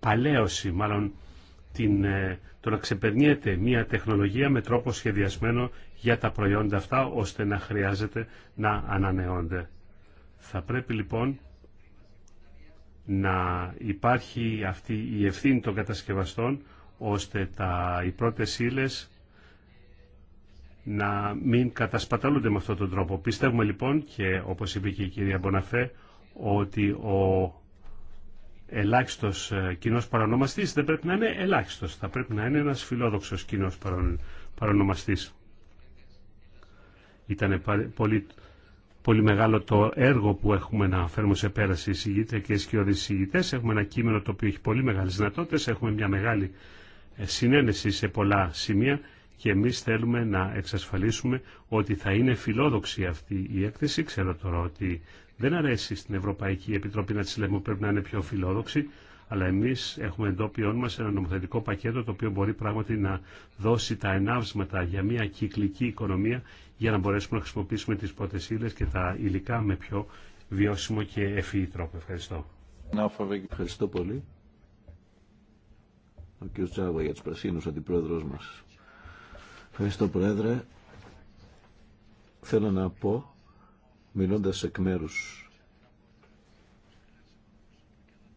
παλαίωση, μάλλον την, ε, το να ξεπερνιέται μια τεχνολογία με τρόπο σχεδιασμένο για τα προϊόντα αυτά, ώστε να χρειάζεται να ανανεώνται. Θα πρέπει λοιπόν να υπάρχει αυτή η ευθύνη των κατασκευαστών, ώστε τα, οι πρώτες να μην κατασπαταλούνται με αυτόν τον τρόπο. Πιστεύουμε λοιπόν και όπως είπε και η κυρία Μποναφέ ότι ο ελάχιστος ε, κοινό παρονομαστή δεν πρέπει να είναι ελάχιστος. Θα πρέπει να είναι ένας φιλόδοξος κοινό παρονομαστή. Ήταν πολύ, πολύ μεγάλο το έργο που έχουμε να φέρουμε σε πέραση οι συγγητέ και οι σκιώδει συγγητές. Έχουμε ένα κείμενο το οποίο έχει πολύ μεγάλε δυνατότητε, Έχουμε μια μεγάλη ε, συνένεση σε πολλά σημεία και εμείς θέλουμε να εξασφαλίσουμε ότι θα είναι φιλόδοξη αυτή η έκθεση. Ξέρω τώρα ότι δεν αρέσει στην Ευρωπαϊκή Επιτροπή να τη λέμε ότι πρέπει να είναι πιο φιλόδοξη, αλλά εμεί έχουμε εντόπιον μα ένα νομοθετικό πακέτο το οποίο μπορεί πράγματι να δώσει τα ενάυσματα για μια κυκλική οικονομία για να μπορέσουμε να χρησιμοποιήσουμε τι πρώτε ύλε και τα υλικά με πιο βιώσιμο και ευφυή τρόπο. Ευχαριστώ. Ευχαριστώ πολύ. Ο Ευχαριστώ, Πρόεδρε. Θέλω να πω μιλώντας εκ μέρου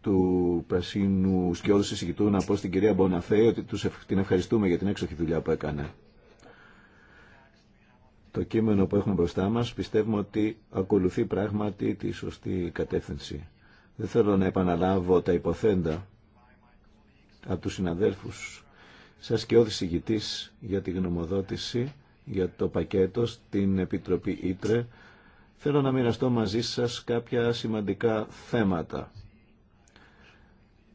του Πρασίνου Σκιώδου Συσηγητού να πω στην κυρία Μποναφέ ότι τους την ευχαριστούμε για την έξοχη δουλειά που έκανε. Το κείμενο που έχουμε μπροστά μας πιστεύουμε ότι ακολουθεί πράγματι τη σωστή κατεύθυνση. Δεν θέλω να επαναλάβω τα υποθέντα από τους συναδέλφους σας και ηγητής για τη γνωμοδότηση για το πακέτο στην Επιτροπή Ήτρε θέλω να μοιραστώ μαζί σας κάποια σημαντικά θέματα,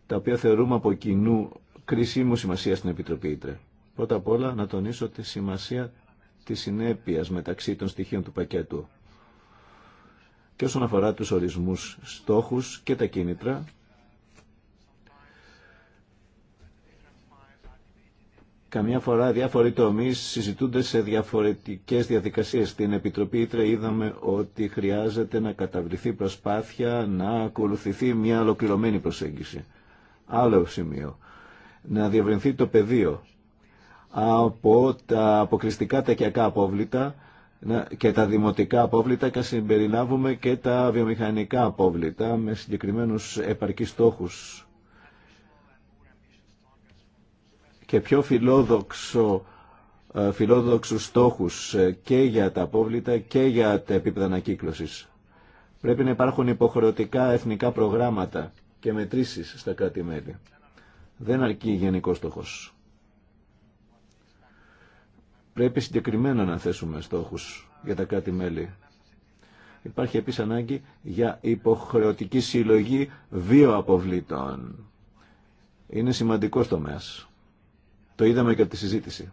τα οποία θεωρούμε από κοινού κρίσιμου σημασία στην Επιτροπή Ήτρε. Πρώτα απ' όλα να τονίσω τη σημασία της συνέπειας μεταξύ των στοιχείων του πακέτου και όσον αφορά τους ορισμούς στόχους και τα κίνητρα Καμιά φορά διάφοροι τομεί συζητούνται σε διαφορετικέ διαδικασίε. Στην Επιτροπή Ήτρε είδαμε ότι χρειάζεται να καταβληθεί προσπάθεια να ακολουθηθεί μια ολοκληρωμένη προσέγγιση. Άλλο σημείο. Να διευρυνθεί το πεδίο από τα αποκλειστικά τακιακά απόβλητα και τα δημοτικά απόβλητα και συμπεριλάβουμε και τα βιομηχανικά απόβλητα με συγκεκριμένους επαρκείς στόχους και πιο φιλόδοξο, ε, φιλόδοξους στόχους ε, και για τα απόβλητα και για τα επίπεδα ανακύκλωσης. Πρέπει να υπάρχουν υποχρεωτικά εθνικά προγράμματα και μετρήσεις στα κράτη-μέλη. Δεν αρκεί γενικό στόχος. Πρέπει συγκεκριμένα να θέσουμε στόχους για τα κράτη-μέλη. Υπάρχει επίσης ανάγκη για υποχρεωτική συλλογή δύο αποβλήτων. Είναι σημαντικός τομέας. Το είδαμε και από τη συζήτηση.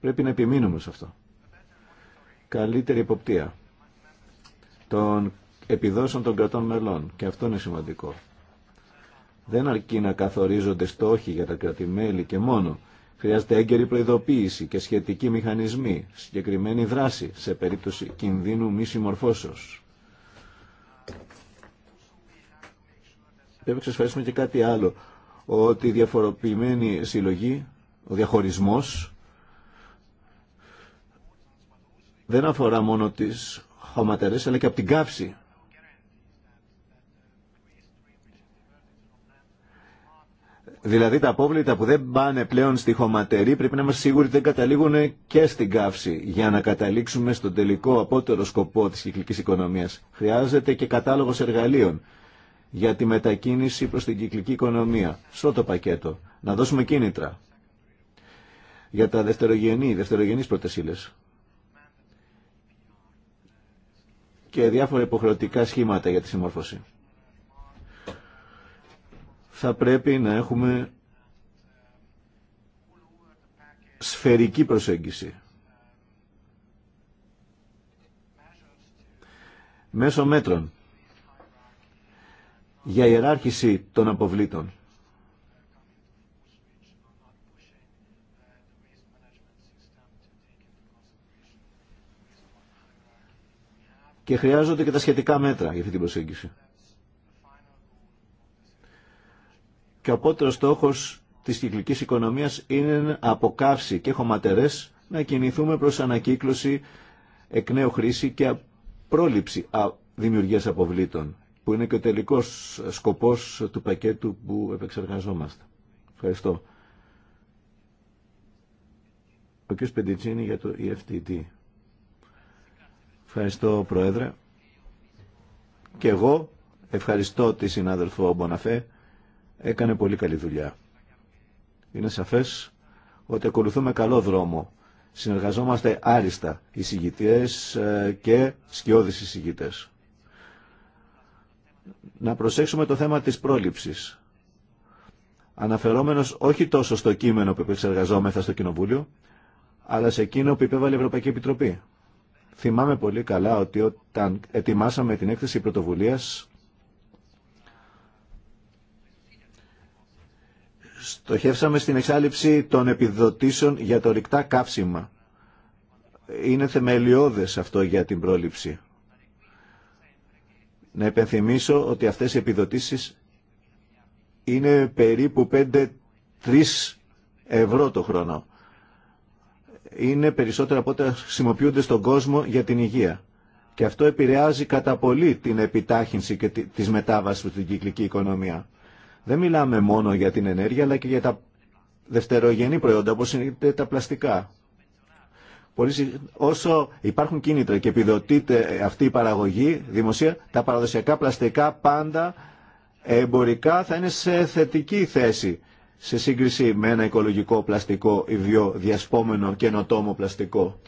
Πρέπει να επιμείνουμε σε αυτό. Καλύτερη υποπτία των επιδόσεων των κρατών μελών. Και αυτό είναι σημαντικό. Δεν αρκεί να καθορίζονται στόχοι για τα κρατημέλη και μόνο. Χρειάζεται έγκαιρη προειδοποίηση και σχετικοί μηχανισμοί, συγκεκριμένη δράση σε περίπτωση κινδύνου μη συμμορφώσεως. Πρέπει να εξασφαλίσουμε και κάτι άλλο, ότι διαφοροποιημένη συλλογή ο διαχωρισμός δεν αφορά μόνο τις χωματερές αλλά και από την καύση. Δηλαδή τα απόβλητα που δεν πάνε πλέον στη χωματερή πρέπει να είμαστε σίγουροι ότι δεν καταλήγουν και στην καύση για να καταλήξουμε στον τελικό απότερο σκοπό της κυκλικής οικονομίας. Χρειάζεται και κατάλογος εργαλείων για τη μετακίνηση προς την κυκλική οικονομία. Στο το πακέτο. Να δώσουμε κίνητρα για τα δευτερογενή, δευτερογενείς πρωτεσίλες και διάφορα υποχρεωτικά σχήματα για τη συμμόρφωση. Θα πρέπει να έχουμε σφαιρική προσέγγιση. Μέσω μέτρων για ιεράρχηση των αποβλήτων. και χρειάζονται και τα σχετικά μέτρα για αυτή την προσέγγιση. Και ο πότερος στόχος της κυκλικής οικονομίας είναι από καύση και χωματερές να κινηθούμε προς ανακύκλωση, εκ νέου χρήση και πρόληψη δημιουργίας αποβλήτων, που είναι και ο τελικός σκοπός του πακέτου που επεξεργαζόμαστε. Ευχαριστώ. Ο κ. Πεντιτσίνη για το EFTD. Ευχαριστώ, Πρόεδρε. Και εγώ ευχαριστώ τη συνάδελφο Μποναφέ. Έκανε πολύ καλή δουλειά. Είναι σαφές ότι ακολουθούμε καλό δρόμο. Συνεργαζόμαστε άριστα οι ε, και σκιώδεις οι Να προσέξουμε το θέμα της πρόληψης. Αναφερόμενος όχι τόσο στο κείμενο που επεξεργαζόμεθα στο Κοινοβούλιο, αλλά σε εκείνο που υπέβαλε η Ευρωπαϊκή Επιτροπή. Θυμάμαι πολύ καλά ότι όταν ετοιμάσαμε την έκθεση πρωτοβουλίας στοχεύσαμε στην εξάλληψη των επιδοτήσεων για το ρηκτά καύσιμα. Είναι θεμελιώδες αυτό για την πρόληψη. Να επενθυμίσω ότι αυτές οι επιδοτήσεις είναι περίπου 5-3 ευρώ το χρόνο είναι περισσότερα από ό,τι χρησιμοποιούνται στον κόσμο για την υγεία. Και αυτό επηρεάζει κατά πολύ την επιτάχυνση και τη μετάβαση στην κυκλική οικονομία. Δεν μιλάμε μόνο για την ενέργεια, αλλά και για τα δευτερογενή προϊόντα, όπως είναι τα πλαστικά. Όσο υπάρχουν κίνητρα και επιδοτείται ε, αυτή η παραγωγή δημοσία, τα παραδοσιακά πλαστικά πάντα εμπορικά θα είναι σε θετική θέση σε σύγκριση με ένα οικολογικό πλαστικό ή και καινοτόμο πλαστικό.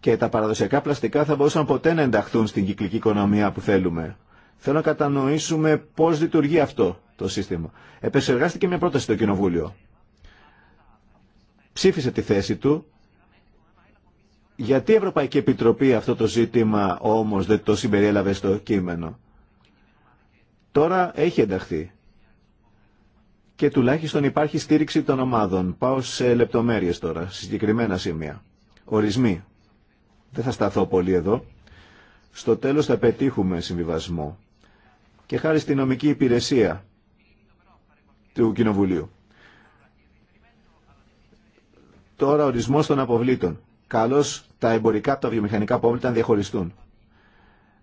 Και τα παραδοσιακά πλαστικά θα μπορούσαν ποτέ να ενταχθούν στην κυκλική οικονομία που θέλουμε. Θέλω να κατανοήσουμε πώς λειτουργεί αυτό το σύστημα. Επεσεργάστηκε μια πρόταση στο Κοινοβούλιο. Ψήφισε τη θέση του γιατί η Ευρωπαϊκή Επιτροπή αυτό το ζήτημα όμως δεν το συμπεριέλαβε στο κείμενο. Τώρα έχει ενταχθεί. Και τουλάχιστον υπάρχει στήριξη των ομάδων. Πάω σε λεπτομέρειες τώρα, συγκεκριμένα σημεία. Ορισμοί. Δεν θα σταθώ πολύ εδώ. Στο τέλος θα πετύχουμε συμβιβασμό. Και χάρη στη νομική υπηρεσία του Κοινοβουλίου. Τώρα ορισμός των αποβλήτων καλώς τα εμπορικά από τα βιομηχανικά απόβλητα να διαχωριστούν.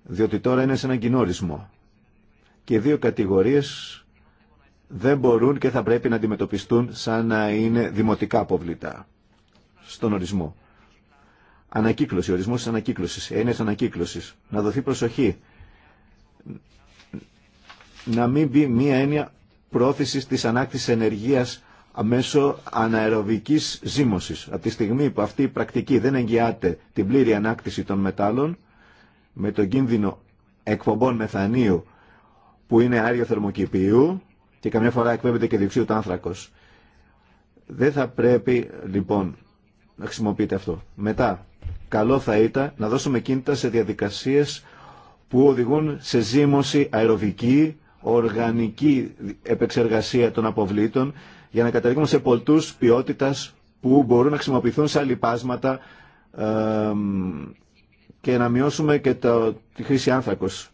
Διότι τώρα είναι σε έναν κοινό ορισμό. Και δύο κατηγορίες δεν μπορούν και θα πρέπει να αντιμετωπιστούν σαν να είναι δημοτικά απόβλητα στον ορισμό. Ανακύκλωση, ορισμός της ανακύκλωσης, έννοιας ανακύκλωσης. Να δοθεί προσοχή. Να μην μπει μία έννοια πρόθεσης της ανάκτησης ενεργείας μέσω αναεροβικής ζύμωσης. Από τη στιγμή που αυτή η πρακτική δεν εγγυάται την πλήρη ανάκτηση των μετάλλων με τον κίνδυνο εκπομπών μεθανίου που είναι άριο θερμοκηπίου και καμιά φορά εκπέμπεται και διοξείδιο του Δεν θα πρέπει λοιπόν να χρησιμοποιείται αυτό. Μετά, καλό θα ήταν να δώσουμε κίνητα σε διαδικασίες που οδηγούν σε ζήμωση αεροβική, οργανική επεξεργασία των αποβλήτων για να καταλήγουμε σε πολτούς ποιότητας που μπορούν να χρησιμοποιηθούν σε αλυπάσματα και να μειώσουμε και το, τη χρήση άνθρακος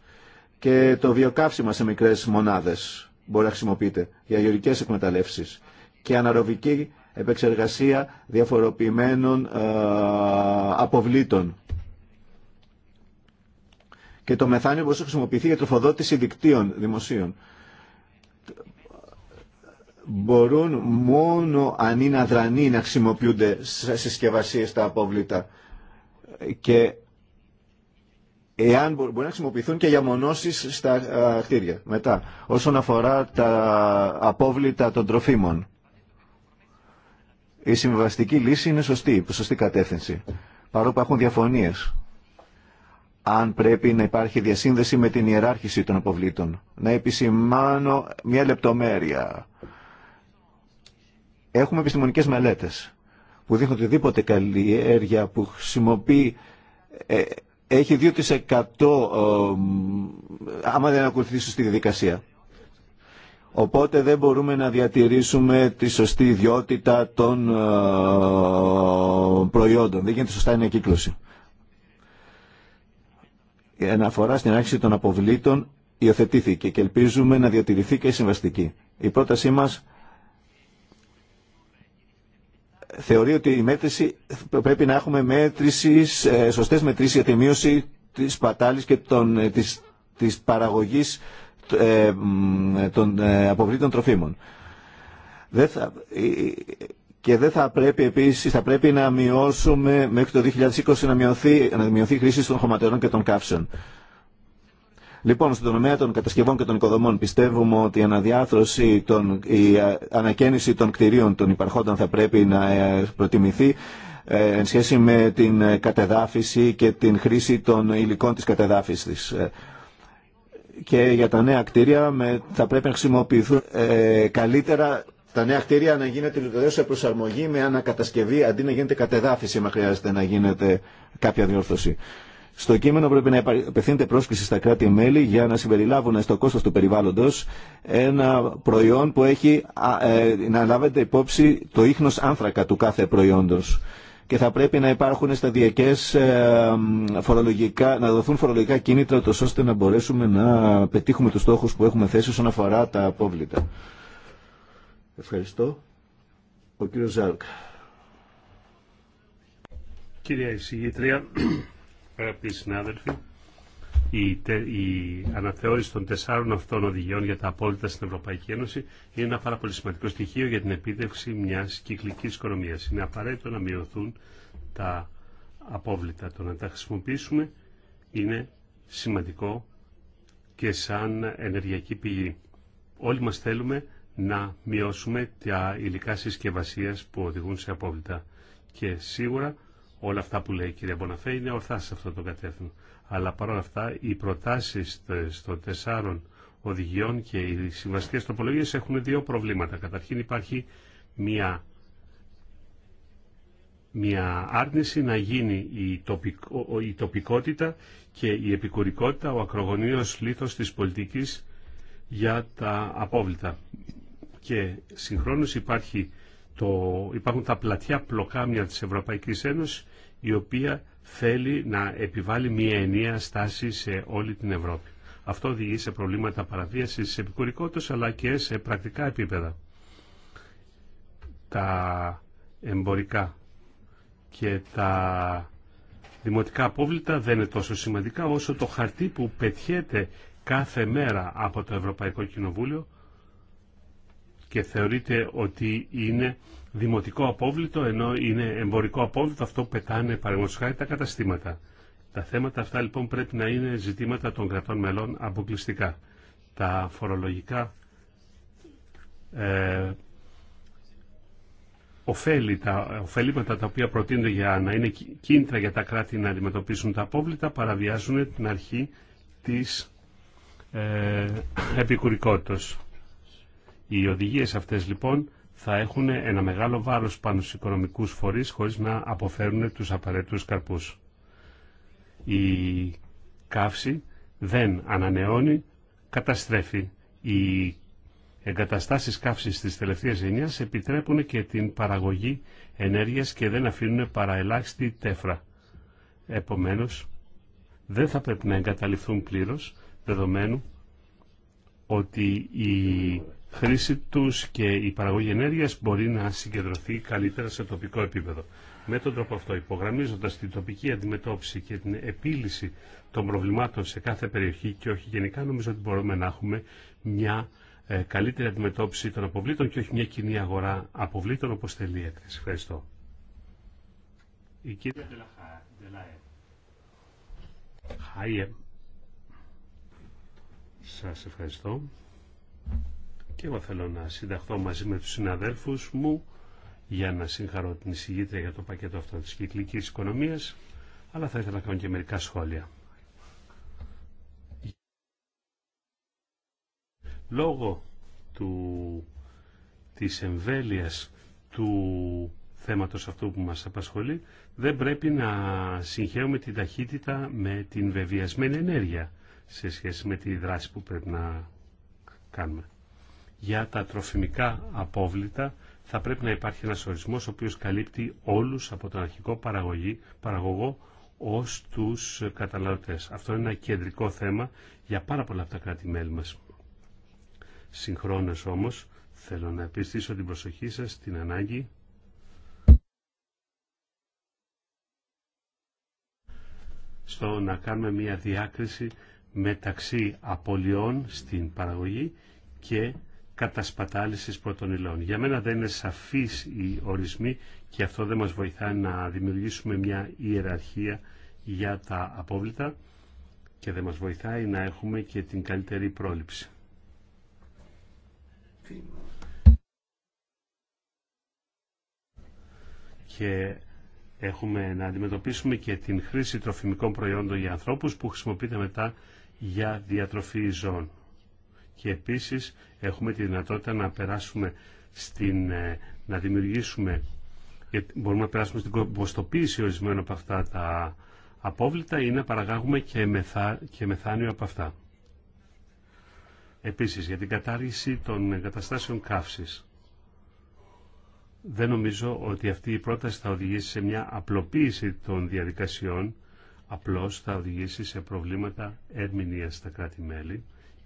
και το βιοκαύσιμα σε μικρές μονάδες μπορεί να χρησιμοποιείται για γεωργικές εκμεταλλεύσεις και αναρωβική επεξεργασία διαφοροποιημένων ε, αποβλήτων. Και το μεθάνιο μπορεί να χρησιμοποιηθεί για τροφοδότηση δικτύων δημοσίων μπορούν μόνο αν είναι αδρανοί να χρησιμοποιούνται σε συσκευασίε τα απόβλητα. Και εάν μπορούν να χρησιμοποιηθούν και για μονώσεις στα κτίρια. Μετά, όσον αφορά τα απόβλητα των τροφίμων. Η συμβαστική λύση είναι σωστή, σωστή κατεύθυνση. Παρόλο που έχουν διαφωνίες. Αν πρέπει να υπάρχει διασύνδεση με την ιεράρχηση των αποβλήτων. Να επισημάνω μια λεπτομέρεια Έχουμε επιστημονικές μελέτες που δείχνουν οτιδήποτε καλλιέργεια που χρησιμοποιεί ε, έχει 2% ε, άμα δεν ακολουθήσει στη διαδικασία. Οπότε δεν μπορούμε να διατηρήσουμε τη σωστή ιδιότητα των ε, προϊόντων. Δεν γίνεται σωστά η ανακύκλωση. Η αναφορά στην άρχιση των αποβλήτων υιοθετήθηκε και ελπίζουμε να διατηρηθεί και η συμβαστική. Η πρότασή μας θεωρεί ότι μέτρηση πρέπει να έχουμε μέτρησης, ε, σωστές μετρήσεις για τη μείωση της πατάλης και των, ε, της, της παραγωγής ε, των αποβλήτων τροφίμων. Δεν θα, και δεν θα πρέπει επίσης, θα πρέπει να μειώσουμε μέχρι το 2020 να μειωθεί, να μειωθεί η χρήση των χωματερών και των καύσεων. Λοιπόν, στον τομέα των κατασκευών και των οικοδομών πιστεύουμε ότι η αναδιάθρωση, των, η ε, ανακαίνιση των κτηρίων των υπαρχόντων θα πρέπει να ε, προτιμηθεί ε, εν σχέση με την κατεδάφιση και την χρήση των υλικών της κατεδάφισης και για τα νέα κτίρια θα πρέπει να χρησιμοποιηθούν καλύτερα τα νέα κτίρια να γίνεται λειτουργία σε προσαρμογή με ανακατασκευή αντί να γίνεται κατεδάφιση μα χρειάζεται να γίνεται κάποια διόρθωση. Στο κείμενο πρέπει να απευθύνεται πρόσκληση στα κράτη-μέλη για να συμπεριλάβουν στο κόστος του περιβάλλοντος ένα προϊόν που έχει ε, να λάβετε υπόψη το ίχνος άνθρακα του κάθε προϊόντος και θα πρέπει να υπάρχουν σταδιακές ε, φορολογικά, να δοθούν φορολογικά κίνητρα ώστε να μπορέσουμε να πετύχουμε τους στόχους που έχουμε θέσει όσον αφορά τα απόβλητα. Ευχαριστώ. Ο κύριος Ζάρκ. Κυρία Εισηγήτρια, αγαπητοί συνάδελφοι, η, τε, η αναθεώρηση των τεσσάρων αυτών οδηγιών για τα απόλυτα στην Ευρωπαϊκή Ένωση είναι ένα πάρα πολύ σημαντικό στοιχείο για την επίτευξη μια κυκλική οικονομία. Είναι απαραίτητο να μειωθούν τα απόβλητα. Το να τα χρησιμοποιήσουμε είναι σημαντικό και σαν ενεργειακή πηγή. Όλοι μας θέλουμε να μειώσουμε τα υλικά συσκευασίας που οδηγούν σε απόβλητα. Και σίγουρα όλα αυτά που λέει η κυρία Μποναφέ είναι ορθά σε αυτό το κατεύθυνο. Αλλά παρόλα αυτά οι προτάσεις των τεσσάρων οδηγιών και οι συμβαστικές τοπολογίες έχουν δύο προβλήματα. Καταρχήν υπάρχει μια, μια άρνηση να γίνει η, η τοπικότητα και η επικουρικότητα ο ακρογωνίος λίθος της πολιτικής για τα απόβλητα. Και συγχρόνως υπάρχει το, υπάρχουν τα πλατιά πλοκάμια της Ευρωπαϊκής Ένωσης η οποία θέλει να επιβάλλει μια ενιαία στάση σε όλη την Ευρώπη. Αυτό οδηγεί σε προβλήματα παραβίασης σε επικουρικότητας αλλά και σε πρακτικά επίπεδα. Τα εμπορικά και τα δημοτικά απόβλητα δεν είναι τόσο σημαντικά όσο το χαρτί που πετιέται κάθε μέρα από το Ευρωπαϊκό Κοινοβούλιο και θεωρείται ότι είναι δημοτικό απόβλητο, ενώ είναι εμπορικό απόβλητο αυτό που πετάνε παραγωγικά τα καταστήματα. Τα θέματα αυτά λοιπόν πρέπει να είναι ζητήματα των κρατών μελών αποκλειστικά. Τα φορολογικά ε, ωφέλη, τα ωφέληματα τα οποία προτείνονται για να είναι κίνητρα για τα κράτη να αντιμετωπίσουν τα απόβλητα παραβιάζουν την αρχή της ε, επικουρικότητας. Οι οδηγίες αυτές λοιπόν θα έχουν ένα μεγάλο βάρος πάνω στους οικονομικούς φορείς χωρίς να αποφέρουν τους απαραίτητους καρπούς. Η καύση δεν ανανεώνει, καταστρέφει. Οι εγκαταστάσεις καύσης της τελευταίας γενιάς επιτρέπουν και την παραγωγή ενέργειας και δεν αφήνουν παρά ελάχιστη τέφρα. Επομένως, δεν θα πρέπει να εγκαταλειφθούν πλήρως, δεδομένου ότι η χρήση τους και η παραγωγή ενέργειας μπορεί να συγκεντρωθεί καλύτερα σε τοπικό επίπεδο. Με τον τρόπο αυτό, υπογραμμίζοντας την τοπική αντιμετώπιση και την επίλυση των προβλημάτων σε κάθε περιοχή και όχι γενικά, νομίζω ότι μπορούμε να έχουμε μια ε, καλύτερη αντιμετώπιση των αποβλήτων και όχι μια κοινή αγορά αποβλήτων όπως θέλει η έκθεση. Ευχαριστώ. Η Σας ευχαριστώ και εγώ θέλω να συνταχθώ μαζί με τους συναδέλφους μου για να συγχαρώ την εισηγήτρια για το πακέτο αυτό της κυκλικής οικονομίας, αλλά θα ήθελα να κάνω και μερικά σχόλια. Λόγω του, της εμβέλειας του θέματος αυτού που μας απασχολεί, δεν πρέπει να συγχαίουμε την ταχύτητα με την βεβαιασμένη ενέργεια σε σχέση με τη δράση που πρέπει να κάνουμε για τα τροφιμικά απόβλητα θα πρέπει να υπάρχει ένας ορισμός ο οποίος καλύπτει όλους από τον αρχικό παραγωγή, παραγωγό ως τους καταναλωτές. Αυτό είναι ένα κεντρικό θέμα για πάρα πολλά από τα κράτη-μέλη μας. Συγχρόνως όμως θέλω να επιστήσω την προσοχή σας στην ανάγκη στο να κάνουμε μια διάκριση μεταξύ απολειών στην παραγωγή και κατασπατάλησης πρώτων υλών. Για μένα δεν είναι σαφής οι ορισμοί και αυτό δεν μας βοηθάει να δημιουργήσουμε μια ιεραρχία για τα απόβλητα και δεν μας βοηθάει να έχουμε και την καλύτερη πρόληψη. Και έχουμε να αντιμετωπίσουμε και την χρήση τροφιμικών προϊόντων για ανθρώπους που χρησιμοποιείται μετά για διατροφή ζώων και επίσης έχουμε τη δυνατότητα να περάσουμε στην, ε, να δημιουργήσουμε μπορούμε να περάσουμε στην κομποστοποίηση ορισμένων από αυτά τα απόβλητα ή να παραγάγουμε και, και μεθάνιο από αυτά. Επίσης, για την κατάργηση των εγκαταστάσεων καύσης. Δεν νομίζω ότι αυτή η πρόταση θα οδηγήσει σε μια απλοποίηση των διαδικασιών, απλώς θα οδηγήσει σε προβλήματα ερμηνείας στα κράτη-μέλη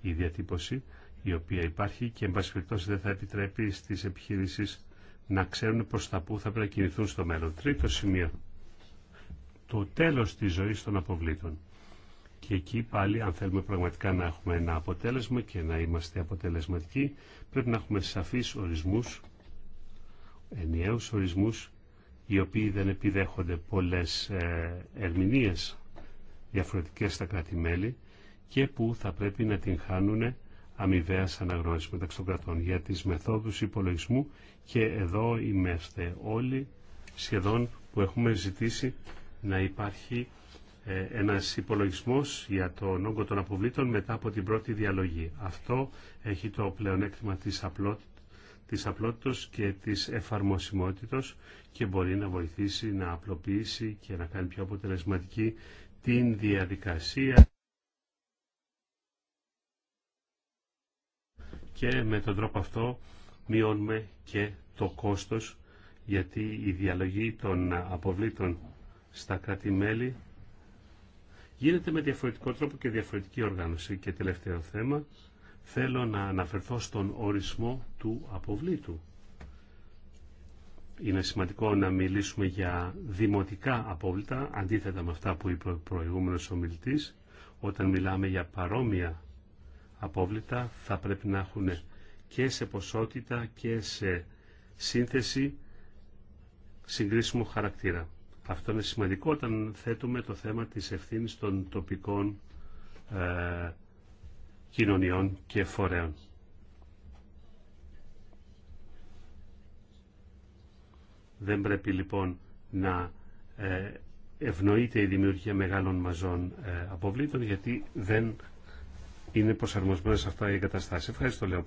η διατύπωση η οποία υπάρχει και εν πάση περιπτώσει δεν θα επιτρέπει στις επιχειρήσεις να ξέρουν προς τα που θα πρέπει να κινηθούν στο μέλλον. Τρίτο σημείο, το τέλος της ζωής των αποβλήτων. Και εκεί πάλι αν θέλουμε πραγματικά να έχουμε ένα αποτέλεσμα και να είμαστε αποτελεσματικοί πρέπει να έχουμε σαφείς ορισμούς, ενιαίους ορισμούς οι οποίοι δεν επιδέχονται πολλές ε, ερμηνείες διαφορετικές στα κράτη-μέλη και που θα πρέπει να την χάνουν αμοιβαία αναγνώριση μεταξύ των κρατών για τις μεθόδους υπολογισμού και εδώ είμαστε όλοι σχεδόν που έχουμε ζητήσει να υπάρχει ε, ένας υπολογισμός για τον όγκο των αποβλήτων μετά από την πρώτη διαλογή. Αυτό έχει το πλεονέκτημα της, απλότητα της απλότητος και της εφαρμοσιμότητας και μπορεί να βοηθήσει να απλοποιήσει και να κάνει πιο αποτελεσματική την διαδικασία και με τον τρόπο αυτό μειώνουμε και το κόστος γιατί η διαλογή των αποβλήτων στα κράτη-μέλη γίνεται με διαφορετικό τρόπο και διαφορετική οργάνωση. Και τελευταίο θέμα, θέλω να αναφερθώ στον ορισμό του αποβλήτου. Είναι σημαντικό να μιλήσουμε για δημοτικά απόβλητα, αντίθετα με αυτά που είπε ο προηγούμενος ομιλητής, όταν μιλάμε για παρόμοια απόβλητα θα πρέπει να έχουν και σε ποσότητα και σε σύνθεση συγκρίσιμο χαρακτήρα. Αυτό είναι σημαντικό όταν θέτουμε το θέμα της ευθύνης των τοπικών ε, κοινωνιών και φορέων. Δεν πρέπει λοιπόν να ε, ευνοείται η δημιουργία μεγάλων μαζών ε, αποβλήτων γιατί δεν είναι προσαρμοσμένε σε αυτά οι εγκαταστάσει. Ευχαριστώ, λέω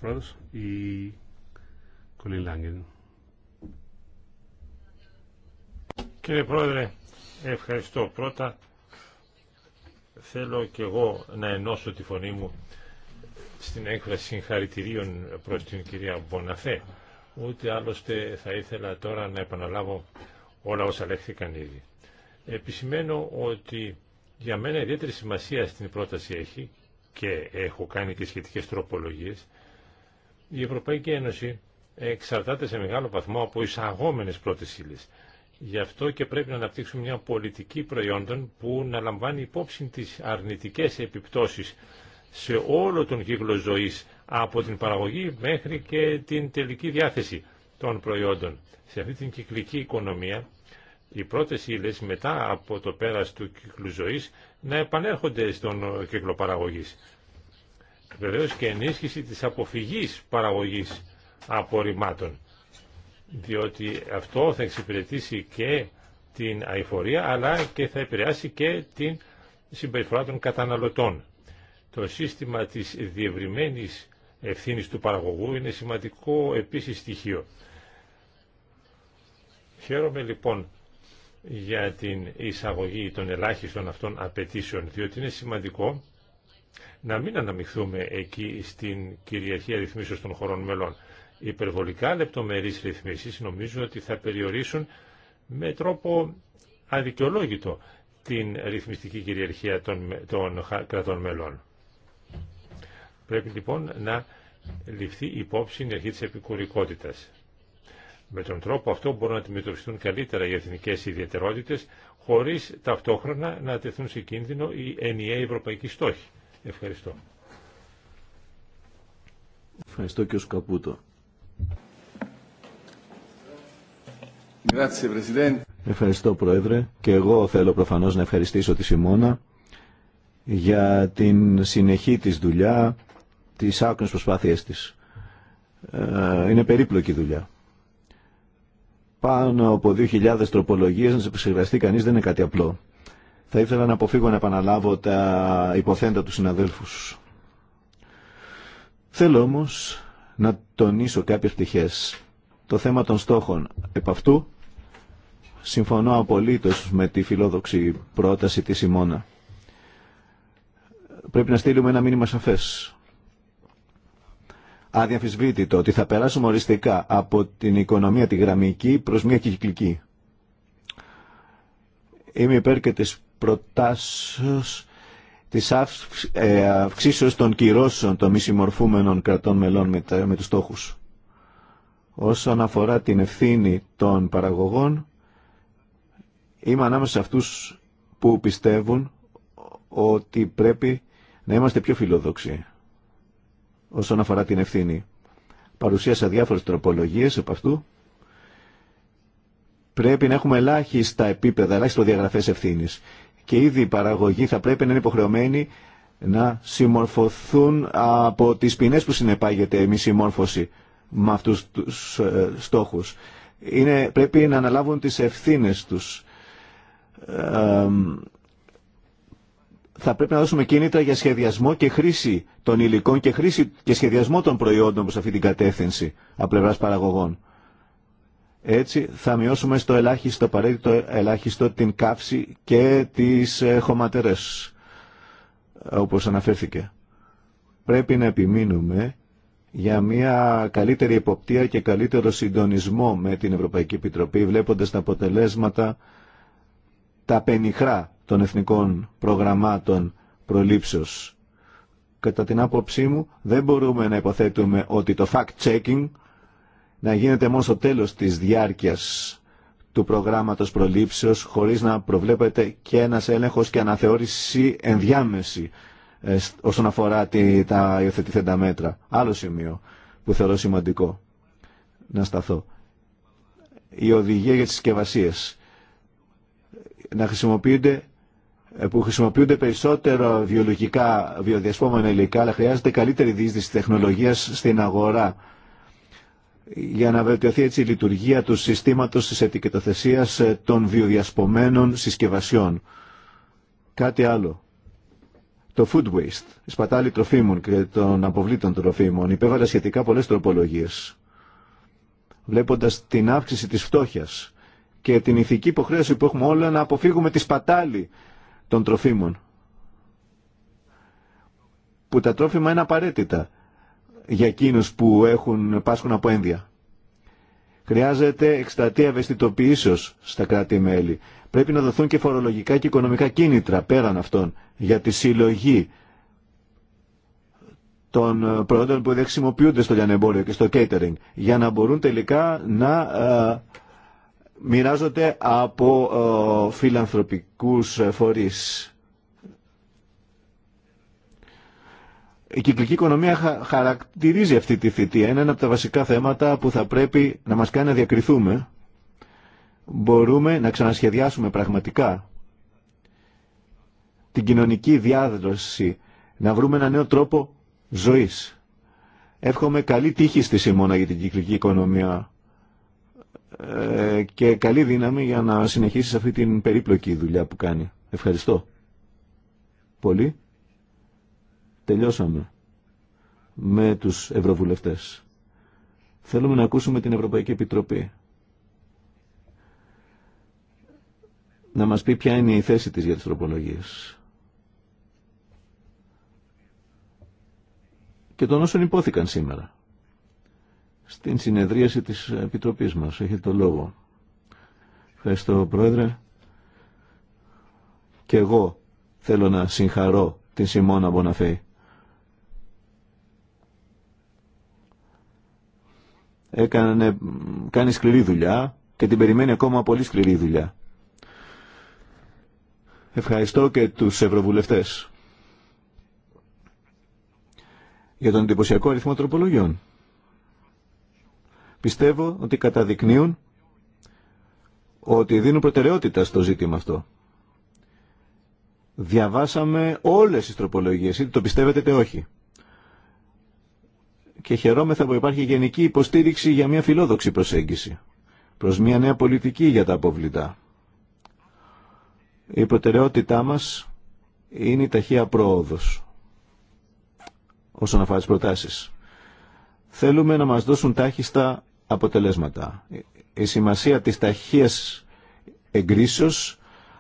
Η Κολίν Λάγκεν. Κύριε Πρόεδρε, ευχαριστώ. Πρώτα θέλω και εγώ να ενώσω τη φωνή μου στην έκφραση συγχαρητηρίων προς την κυρία Μποναφέ. Ούτε άλλωστε θα ήθελα τώρα να επαναλάβω όλα όσα λέχθηκαν ήδη. Επισημαίνω ότι για μένα ιδιαίτερη σημασία στην πρόταση έχει και έχω κάνει και σχετικές τροπολογίες, η Ευρωπαϊκή Ένωση εξαρτάται σε μεγάλο βαθμό από εισαγόμενες πρώτες ύλες. Γι' αυτό και πρέπει να αναπτύξουμε μια πολιτική προϊόντων που να λαμβάνει υπόψη τις αρνητικές επιπτώσεις σε όλο τον κύκλο ζωής από την παραγωγή μέχρι και την τελική διάθεση των προϊόντων. Σε αυτή την κυκλική οικονομία οι πρώτες ύλες μετά από το πέρας του κύκλου ζωής να επανέρχονται στον κύκλο παραγωγής. Βεβαίως και ενίσχυση της αποφυγής παραγωγής απορριμμάτων, διότι αυτό θα εξυπηρετήσει και την αηφορία αλλά και θα επηρεάσει και την συμπεριφορά των καταναλωτών. Το σύστημα της διευρυμένης ευθύνης του παραγωγού είναι σημαντικό επίσης στοιχείο. Χαίρομαι λοιπόν για την εισαγωγή των ελάχιστων αυτών απαιτήσεων, διότι είναι σημαντικό να μην αναμειχθούμε εκεί στην κυριαρχία ρυθμίσεως των χωρών μελών. υπερβολικά λεπτομερείς ρυθμίσεις νομίζω ότι θα περιορίσουν με τρόπο αδικαιολόγητο την ρυθμιστική κυριαρχία των, κρατών μελών. Πρέπει λοιπόν να ληφθεί υπόψη η αρχή της επικουρικότητας. Με τον τρόπο αυτό μπορούν να αντιμετωπιστούν καλύτερα οι εθνικέ ιδιαιτερότητε, χωρί ταυτόχρονα να τεθούν σε κίνδυνο οι ενιαίοι ευρωπαϊκοί στόχοι. Ευχαριστώ. Ευχαριστώ και ο Σκαπούτο. Ευχαριστώ Πρόεδρε και εγώ θέλω προφανώς να ευχαριστήσω τη Σιμώνα για την συνεχή της δουλειά, τις άκρες προσπάθειές της. Ε, είναι περίπλοκη δουλειά πάνω από 2.000 τροπολογίες να σε επεξεργαστεί κανείς δεν είναι κάτι απλό. Θα ήθελα να αποφύγω να επαναλάβω τα υποθέντα του συναδέλφους. Θέλω όμως να τονίσω κάποιες πτυχές. Το θέμα των στόχων. Επ' αυτού συμφωνώ απολύτως με τη φιλόδοξη πρόταση της Σιμώνα. Πρέπει να στείλουμε ένα μήνυμα σαφές αδιαμφισβήτητο ότι θα περάσουμε οριστικά από την οικονομία τη γραμμική προς μια κυκλική. Είμαι υπέρ και της προτάσεως της ε, αυξήσεως των κυρώσεων των μη συμμορφούμενων κρατών μελών με, με τους στόχους. Όσον αφορά την ευθύνη των παραγωγών, είμαι ανάμεσα σε αυτούς που πιστεύουν ότι πρέπει να είμαστε πιο φιλοδόξοι όσον αφορά την ευθύνη. Παρουσίασα διάφορες τροπολογίες από αυτού. Πρέπει να έχουμε ελάχιστα επίπεδα, ελάχιστα διαγραφές ευθύνης. Και ήδη η παραγωγή θα πρέπει να είναι υποχρεωμένη να συμμορφωθούν από τις ποινές που συνεπάγεται η μη συμμόρφωση με αυτούς τους ε, στόχους. πρέπει να αναλάβουν τις ευθύνες τους. Ε, θα πρέπει να δώσουμε κίνητρα για σχεδιασμό και χρήση των υλικών και χρήση και σχεδιασμό των προϊόντων προς αυτή την κατεύθυνση από πλευρά παραγωγών. Έτσι θα μειώσουμε στο ελάχιστο, απαραίτητο ελάχιστο την καύση και τις ε, χωματερές, όπως αναφέρθηκε. Πρέπει να επιμείνουμε για μια καλύτερη υποπτία και καλύτερο συντονισμό με την Ευρωπαϊκή Επιτροπή, βλέποντας τα αποτελέσματα τα πενιχρά των εθνικών προγραμμάτων προλήψεως. Κατά την άποψή μου δεν μπορούμε να υποθέτουμε ότι το fact-checking να γίνεται μόνο στο τέλος της διάρκειας του προγράμματος προλήψεως χωρίς να προβλέπεται και ένας έλεγχος και αναθεώρηση ενδιάμεση ε, όσον αφορά τη, τα υιοθετηθέντα μέτρα. Άλλο σημείο που θεωρώ σημαντικό να σταθώ. Η οδηγία για τις συσκευασίες να χρησιμοποιούνται ε, που χρησιμοποιούνται περισσότερο βιολογικά, βιοδιασπόμενα υλικά, αλλά χρειάζεται καλύτερη διείσδυση τεχνολογία στην αγορά για να βελτιωθεί έτσι η λειτουργία του συστήματος της ετικετοθεσίας ε, των βιοδιασπομένων συσκευασιών. Κάτι άλλο. Το food waste, η σπατάλη τροφίμων και των αποβλήτων τροφίμων, υπέβαλε σχετικά πολλές τροπολογίες. Βλέποντας την αύξηση της φτώχειας και την ηθική υποχρέωση που έχουμε όλα να αποφύγουμε τη σπατάλη των τροφίμων. Που τα τρόφιμα είναι απαραίτητα για εκείνους που έχουν, πάσχουν από ένδια. Χρειάζεται εκστρατεία ευαισθητοποιήσεω στα κράτη-μέλη. Πρέπει να δοθούν και φορολογικά και οικονομικά κίνητρα πέραν αυτών για τη συλλογή των ε, προϊόντων που δεν χρησιμοποιούνται στο λιανεμπόριο και στο catering για να μπορούν τελικά να ε, μοιράζονται από ε, φιλανθρωπικούς φορείς. Η κυκλική οικονομία χαρακτηρίζει αυτή τη θητεία. Είναι ένα από τα βασικά θέματα που θα πρέπει να μας κάνει να διακριθούμε. Μπορούμε να ξανασχεδιάσουμε πραγματικά την κοινωνική διάδροση, να βρούμε ένα νέο τρόπο ζωής. Εύχομαι καλή τύχη στη Σιμώνα για την κυκλική οικονομία ε, και καλή δύναμη για να συνεχίσεις αυτή την περίπλοκη δουλειά που κάνει. Ευχαριστώ πολύ. Τελειώσαμε με τους ευρωβουλευτές. Θέλουμε να ακούσουμε την Ευρωπαϊκή Επιτροπή. Να μας πει ποια είναι η θέση της για τις τροπολογίες. Και των όσων υπόθηκαν σήμερα στην συνεδρίαση της Επιτροπής μας. Έχετε το λόγο. Ευχαριστώ Πρόεδρε. Και εγώ θέλω να συγχαρώ την Σιμώνα Μποναφέη. Έκανε, κάνει σκληρή δουλειά και την περιμένει ακόμα πολύ σκληρή δουλειά. Ευχαριστώ και τους Ευρωβουλευτές για τον εντυπωσιακό αριθμό τροπολογιών πιστεύω ότι καταδεικνύουν ότι δίνουν προτεραιότητα στο ζήτημα αυτό. Διαβάσαμε όλες τις τροπολογίες, είτε το πιστεύετε είτε όχι. Και χαιρόμεθα που υπάρχει γενική υποστήριξη για μια φιλόδοξη προσέγγιση, προς μια νέα πολιτική για τα αποβλητά. Η προτεραιότητά μας είναι η ταχεία πρόοδος όσον αφορά τις προτάσεις. Θέλουμε να μας δώσουν τάχιστα αποτελέσματα. Η σημασία της ταχείας εγκρίσεως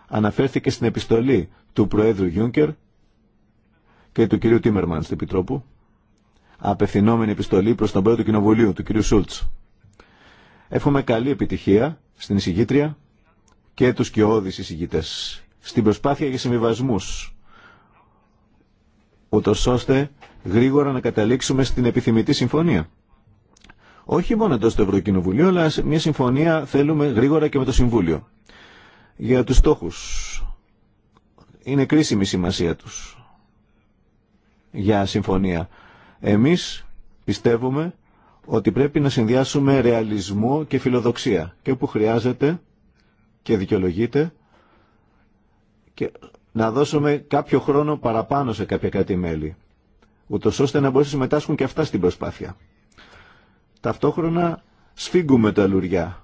αναφέρθηκε στην επιστολή του Προέδρου Γιούνκερ και του κυρίου Τίμερμαν στην Επιτρόπου, απευθυνόμενη επιστολή προς τον Πρόεδρο του Κοινοβουλίου, του κυρίου Σούλτς. Εύχομαι καλή επιτυχία στην εισηγήτρια και τους κοιόδης εισηγητές στην προσπάθεια για συμβιβασμούς, ούτως ώστε γρήγορα να καταλήξουμε στην επιθυμητή συμφωνία όχι μόνο εντό του Ευρωκοινοβουλίου, αλλά μια συμφωνία θέλουμε γρήγορα και με το Συμβούλιο. Για τους στόχους. Είναι κρίσιμη η σημασία τους για συμφωνία. Εμείς πιστεύουμε ότι πρέπει να συνδυάσουμε ρεαλισμό και φιλοδοξία και όπου χρειάζεται και δικαιολογείται και να δώσουμε κάποιο χρόνο παραπάνω σε κάποια κάτι μέλη ούτως ώστε να μπορέσουν να συμμετάσχουν και αυτά στην προσπάθεια. Ταυτόχρονα σφίγγουμε τα λουριά.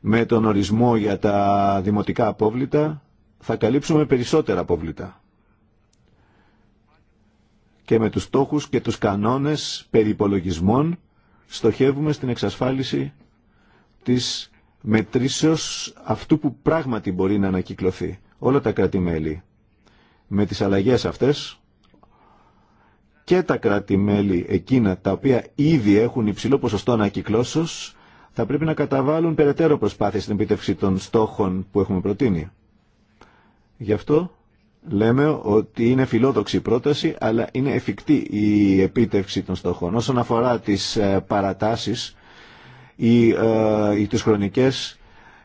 Με τον ορισμό για τα δημοτικά απόβλητα θα καλύψουμε περισσότερα απόβλητα. Και με τους στόχους και τους κανόνες περιπολογισμών στοχεύουμε στην εξασφάλιση της μετρήσεως αυτού που πράγματι μπορεί να ανακυκλωθεί όλα τα κρατη Με τις αλλαγές αυτές και τα κράτη-μέλη εκείνα τα οποία ήδη έχουν υψηλό ποσοστό ανακυκλώσεως θα πρέπει να καταβάλουν περαιτέρω προσπάθεια στην επίτευξη των στόχων που έχουμε προτείνει. Γι' αυτό λέμε ότι είναι φιλόδοξη η πρόταση, αλλά είναι εφικτή η επίτευξη των στόχων. Όσον αφορά τις ε, παρατάσεις ή ε, τις χρονικές,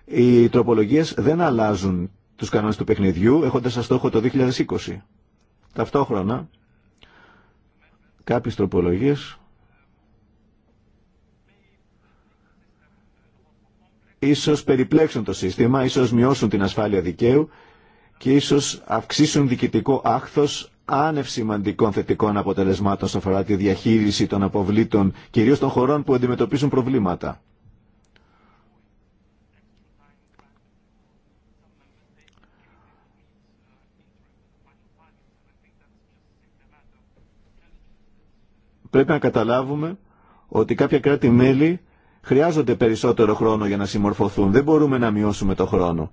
οι τροπολογίες δεν αλλάζουν τους κανόνες του παιχνιδιού, έχοντας σαν στόχο το 2020. Ταυτόχρονα, κάποιες τροπολογίες ίσως περιπλέξουν το σύστημα, ίσως μειώσουν την ασφάλεια δικαίου και ίσως αυξήσουν διοικητικό άχθος άνευ σημαντικών θετικών αποτελεσμάτων σε αφορά τη διαχείριση των αποβλήτων, κυρίως των χωρών που αντιμετωπίζουν προβλήματα. πρέπει να καταλάβουμε ότι κάποια κράτη-μέλη χρειάζονται περισσότερο χρόνο για να συμμορφωθούν. Δεν μπορούμε να μειώσουμε το χρόνο.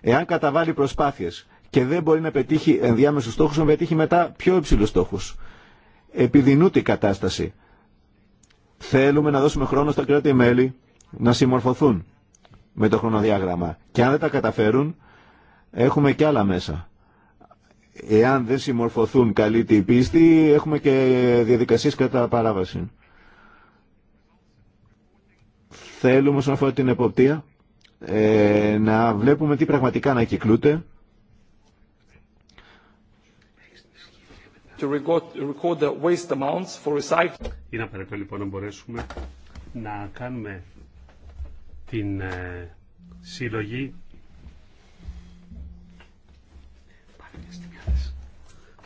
Εάν καταβάλει προσπάθειες και δεν μπορεί να πετύχει ενδιάμεσους στόχους, να πετύχει μετά πιο υψηλούς στόχους. Επιδεινούται η κατάσταση. Θέλουμε να δώσουμε χρόνο στα κράτη-μέλη να συμμορφωθούν με το χρονοδιάγραμμα. Και αν δεν τα καταφέρουν, έχουμε και άλλα μέσα εάν δεν συμμορφωθούν καλή την πίστη, έχουμε και διαδικασίες κατά παράβαση. Θέλουμε όσον αφορά την εποπτεία ε, να βλέπουμε τι πραγματικά να κυκλούται. Είναι απαραίτητο λοιπόν να μπορέσουμε να κάνουμε την ε, συλλογή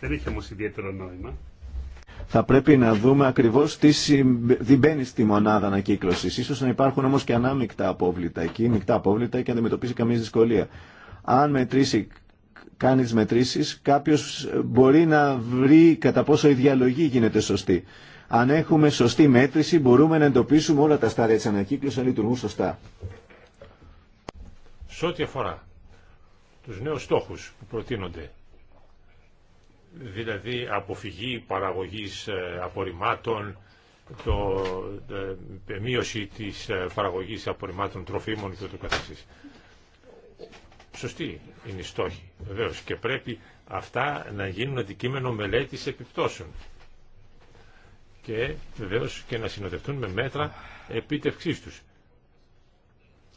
Δεν έχει όμω ιδιαίτερο νόημα. Θα πρέπει να δούμε ακριβώς τι συμβαίνει στη μονάδα ανακύκλωσή, Ίσως να υπάρχουν όμως και ανάμεικτα απόβλητα εκεί, μεικτά απόβλητα και να αντιμετωπίσει καμία δυσκολία. Αν μετρήσει κάνει τι μετρήσεις, κάποιο μπορεί να βρει κατά πόσο η διαλογή γίνεται σωστή. Αν έχουμε σωστή μέτρηση μπορούμε να εντοπίσουμε όλα τα στάδια τη ανακύκλωση να λειτουργούν σωστά. Σε ό,τι αφορά του νέου στόχου που προτείνονται δηλαδή αποφυγή παραγωγής ε, απορριμμάτων, το, ε, ε, μείωση της παραγωγής απορριμμάτων τροφίμων και το καθεσής. Σωστή είναι η στόχη, βεβαίως, και πρέπει αυτά να γίνουν αντικείμενο μελέτης επιπτώσεων και βεβαίως και να συνοδευτούν με μέτρα επίτευξής τους.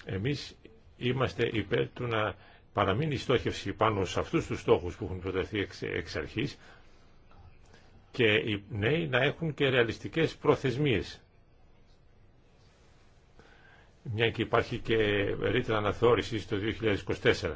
Εμείς είμαστε υπέρ του να παραμείνει η στόχευση πάνω σε αυτούς τους στόχου που έχουν προταθεί εξ, εξ αρχής και οι νέοι να έχουν και ρεαλιστικές προθεσμίες. Μια και υπάρχει και ρήτρα αναθεώρηση το 2024.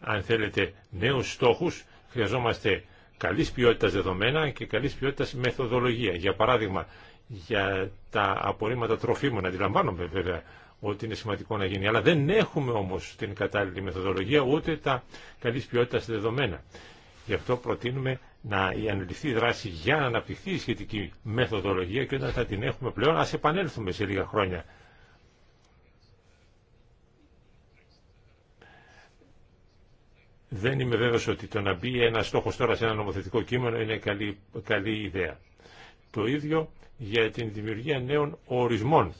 Αν θέλετε νέους στόχους, χρειαζόμαστε καλής ποιότητας δεδομένα και καλής ποιότητας μεθοδολογία. Για παράδειγμα, για τα απορρίμματα τροφίμων, αντιλαμβάνομαι βέβαια ότι είναι σημαντικό να γίνει. Αλλά δεν έχουμε όμως την κατάλληλη μεθοδολογία ούτε τα καλής ποιότητας δεδομένα. Γι' αυτό προτείνουμε να η αναλυθεί δράση για να αναπτυχθεί η σχετική μεθοδολογία και όταν θα την έχουμε πλέον ας επανέλθουμε σε λίγα χρόνια. Δεν είμαι βέβαιος ότι το να μπει ένα στόχος τώρα σε ένα νομοθετικό κείμενο είναι καλή, καλή ιδέα. Το ίδιο για την δημιουργία νέων ορισμών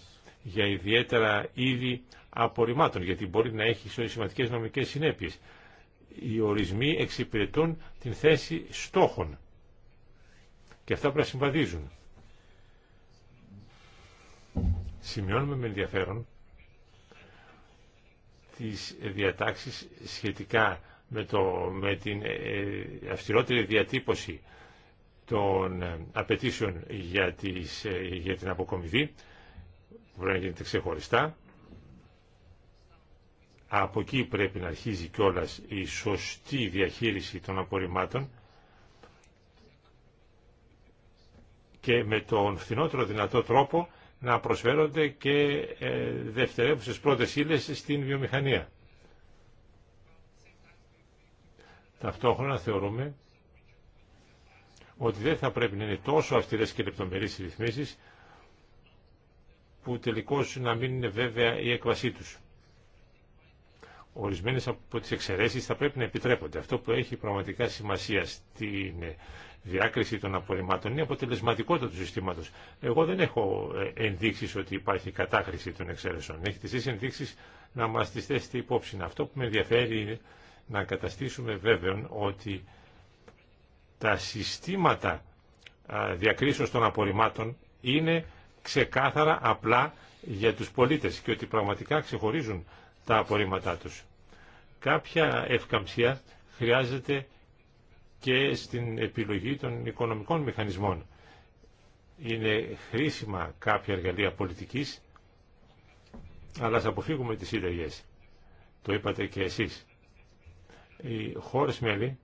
για ιδιαίτερα είδη απορριμμάτων, γιατί μπορεί να έχει σημαντικέ νομικέ συνέπειε. Οι ορισμοί εξυπηρετούν την θέση στόχων και αυτά πρέπει να συμβαδίζουν. Σημειώνουμε με ενδιαφέρον τις διατάξεις σχετικά με, το, με την ε, ε, αυστηρότερη διατύπωση των ε, απαιτήσεων για, τις, για την αποκομιδή πρέπει να γίνεται ξεχωριστά. Από εκεί πρέπει να αρχίζει κιόλας η σωστή διαχείριση των απορριμμάτων και με τον φθηνότερο δυνατό τρόπο να προσφέρονται και ε, δευτερεύουσες πρώτες ύλες στην βιομηχανία. Ταυτόχρονα θεωρούμε ότι δεν θα πρέπει να είναι τόσο αυστηρές και λεπτομερείς οι ρυθμίσεις που τελικώς να μην είναι βέβαια η έκβασή τους. Ορισμένες από τις εξαιρέσεις θα πρέπει να επιτρέπονται. Αυτό που έχει πραγματικά σημασία στην διάκριση των απορριμμάτων είναι η αποτελεσματικότητα του συστήματος. Εγώ δεν έχω ε, ενδείξεις ότι υπάρχει κατάχρηση των εξαιρεσεών. Έχετε εσείς ενδείξεις να μας τις θέσετε υπόψη. Αυτό που με ενδιαφέρει είναι να καταστήσουμε βέβαιον ότι τα συστήματα διακρίσεως των απορριμμάτων είναι ξεκάθαρα, απλά για τους πολίτες και ότι πραγματικά ξεχωρίζουν τα απορρίμματά τους. Κάποια ευκαμψία χρειάζεται και στην επιλογή των οικονομικών μηχανισμών. Είναι χρήσιμα κάποια εργαλεία πολιτικής, αλλά ας αποφύγουμε τις σύνταγες. Το είπατε και εσείς. Οι χώρες μέλη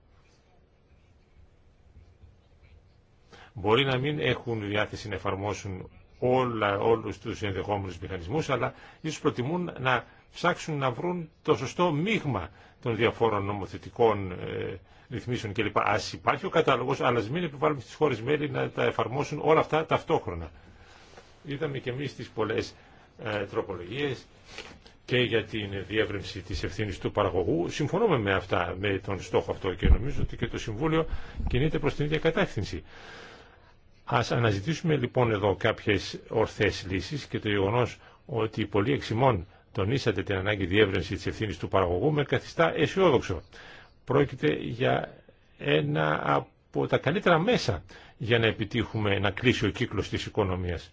μπορεί να μην έχουν διάθεση να εφαρμόσουν όλα, όλους τους ενδεχόμενους μηχανισμούς, αλλά ίσως προτιμούν να ψάξουν να βρουν το σωστό μείγμα των διαφόρων νομοθετικών ε, ρυθμίσεων κλπ. Α υπάρχει ο κατάλογο, αλλά μην επιβάλλουμε στις χώρες μέλη να τα εφαρμόσουν όλα αυτά ταυτόχρονα. Είδαμε και εμεί τι πολλέ ε, τροπολογίε και για την διεύρυνση της ευθύνη του παραγωγού. Συμφωνούμε με αυτά, με τον στόχο αυτό και νομίζω ότι και το Συμβούλιο κινείται προ την ίδια κατεύθυνση. Ας αναζητήσουμε λοιπόν εδώ κάποιες ορθές λύσεις και το γεγονός ότι πολλοί εξημών τονίσατε την ανάγκη διεύρυνση της ευθύνης του παραγωγού με καθιστά αισιόδοξο. Πρόκειται για ένα από τα καλύτερα μέσα για να επιτύχουμε να κλείσει ο κύκλος της οικονομίας.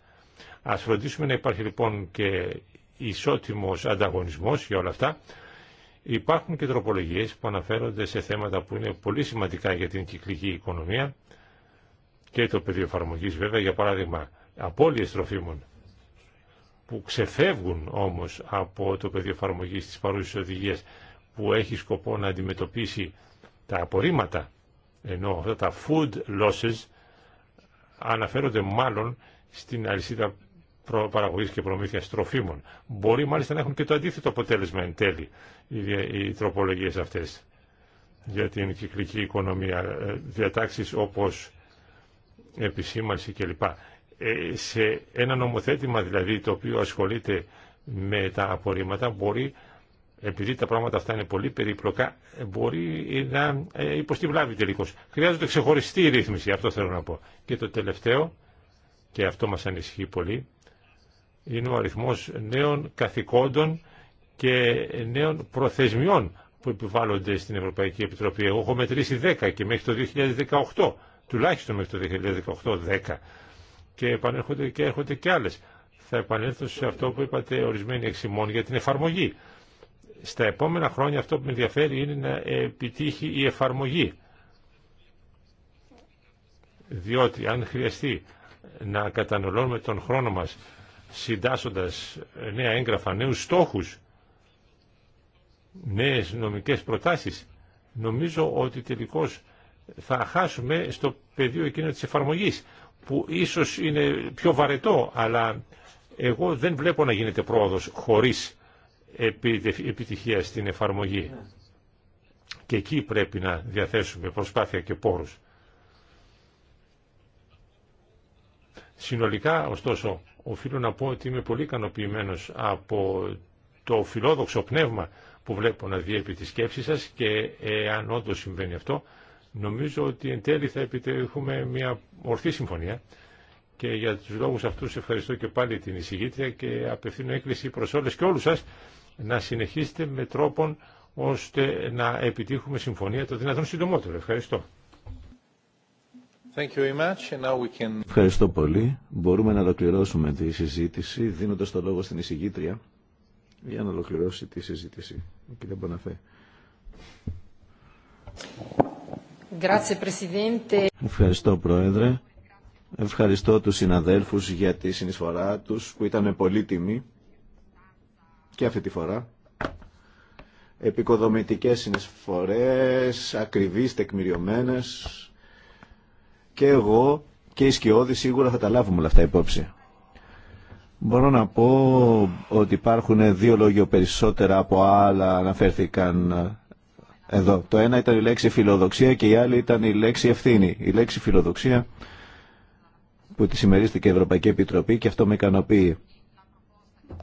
Ας φροντίσουμε να υπάρχει λοιπόν και ισότιμος ανταγωνισμός για όλα αυτά. Υπάρχουν και τροπολογίες που αναφέρονται σε θέματα που είναι πολύ σημαντικά για την κυκλική οικονομία και το πεδίο εφαρμογή βέβαια, για παράδειγμα, απώλειες τροφίμων που ξεφεύγουν όμως από το πεδίο εφαρμογή της παρούσης οδηγίας που έχει σκοπό να αντιμετωπίσει τα απορρίμματα, ενώ αυτά τα food losses αναφέρονται μάλλον στην αλυσίδα παραγωγής και προμήθειας τροφίμων. Μπορεί μάλιστα να έχουν και το αντίθετο αποτέλεσμα εν τέλει οι τροπολογίες αυτές για την κυκλική οικονομία. Ε, διατάξεις όπως επισήμανση κλπ. Ε, σε ένα νομοθέτημα δηλαδή το οποίο ασχολείται με τα απορρίμματα μπορεί, επειδή τα πράγματα αυτά είναι πολύ περίπλοκα, μπορεί να ε, υποστηβλάβει τελικώς. Χρειάζεται ξεχωριστή ρύθμιση, αυτό θέλω να πω. Και το τελευταίο, και αυτό μας ανησυχεί πολύ, είναι ο αριθμός νέων καθηκόντων και νέων προθεσμιών που επιβάλλονται στην Ευρωπαϊκή Επιτροπή. Εγώ έχω μετρήσει 10 και μέχρι το 2018 τουλάχιστον μέχρι το 2018-10 και επανέρχονται και έρχονται και άλλες. Θα επανέλθω σε αυτό που είπατε ορισμένοι εξημών για την εφαρμογή. Στα επόμενα χρόνια αυτό που με ενδιαφέρει είναι να επιτύχει η εφαρμογή. Διότι αν χρειαστεί να κατανολώνουμε τον χρόνο μας συντάσσοντας νέα έγγραφα, νέους στόχους, νέες νομικές προτάσεις, νομίζω ότι τελικώς θα χάσουμε στο πεδίο εκείνο της εφαρμογής που ίσως είναι πιο βαρετό αλλά εγώ δεν βλέπω να γίνεται πρόοδος χωρίς επιτυχία στην εφαρμογή ναι. και εκεί πρέπει να διαθέσουμε προσπάθεια και πόρους. Συνολικά, ωστόσο, οφείλω να πω ότι είμαι πολύ ικανοποιημένο από το φιλόδοξο πνεύμα που βλέπω να διέπει τη σκέψη σας και αν όντως συμβαίνει αυτό, Νομίζω ότι εν τέλει θα επιτεύχουμε μια ορθή συμφωνία και για τους λόγους αυτούς ευχαριστώ και πάλι την εισηγήτρια και απευθύνω έκκληση προς όλες και όλους σας να συνεχίσετε με τρόπον ώστε να επιτύχουμε συμφωνία το δυνατόν συντομότερο. Ευχαριστώ. Thank you very much. And now we can... Ευχαριστώ πολύ. Μπορούμε να ολοκληρώσουμε τη συζήτηση δίνοντας το λόγο στην εισηγήτρια για να ολοκληρώσει τη συζήτηση. Κύριε Μποναφέ. Ευχαριστώ Πρόεδρε. Ευχαριστώ τους συναδέλφους για τη συνεισφορά τους που ήταν πολύτιμη και αυτή τη φορά. Επικοδομητικές συνεισφορές, ακριβείς, τεκμηριωμένες και εγώ και οι σκιώδη σίγουρα θα τα λάβουμε όλα αυτά υπόψη. Μπορώ να πω ότι υπάρχουν δύο λόγια περισσότερα από άλλα αναφέρθηκαν εδώ. Το ένα ήταν η λέξη φιλοδοξία και η άλλη ήταν η λέξη ευθύνη. Η λέξη φιλοδοξία που τη σημερίστηκε η Ευρωπαϊκή Επιτροπή και αυτό με ικανοποιεί.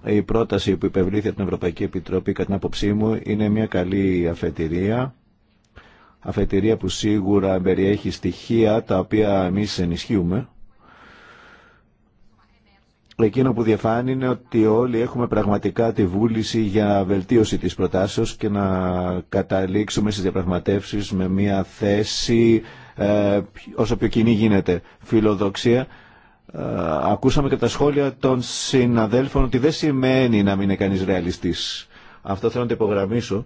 Η πρόταση που υπευλήθη από την Ευρωπαϊκή Επιτροπή κατά την άποψή μου είναι μια καλή αφετηρία. Αφετηρία που σίγουρα περιέχει στοιχεία τα οποία εμείς ενισχύουμε Εκείνο που διαφάνει είναι ότι όλοι έχουμε πραγματικά τη βούληση για βελτίωση της προτάσεως και να καταλήξουμε στις διαπραγματεύσεις με μια θέση ε, όσο πιο κοινή γίνεται. Φιλοδοξία. Ε, ακούσαμε και τα σχόλια των συναδέλφων ότι δεν σημαίνει να μην είναι κανείς ρεαλιστής. Αυτό θέλω να το υπογραμμίσω,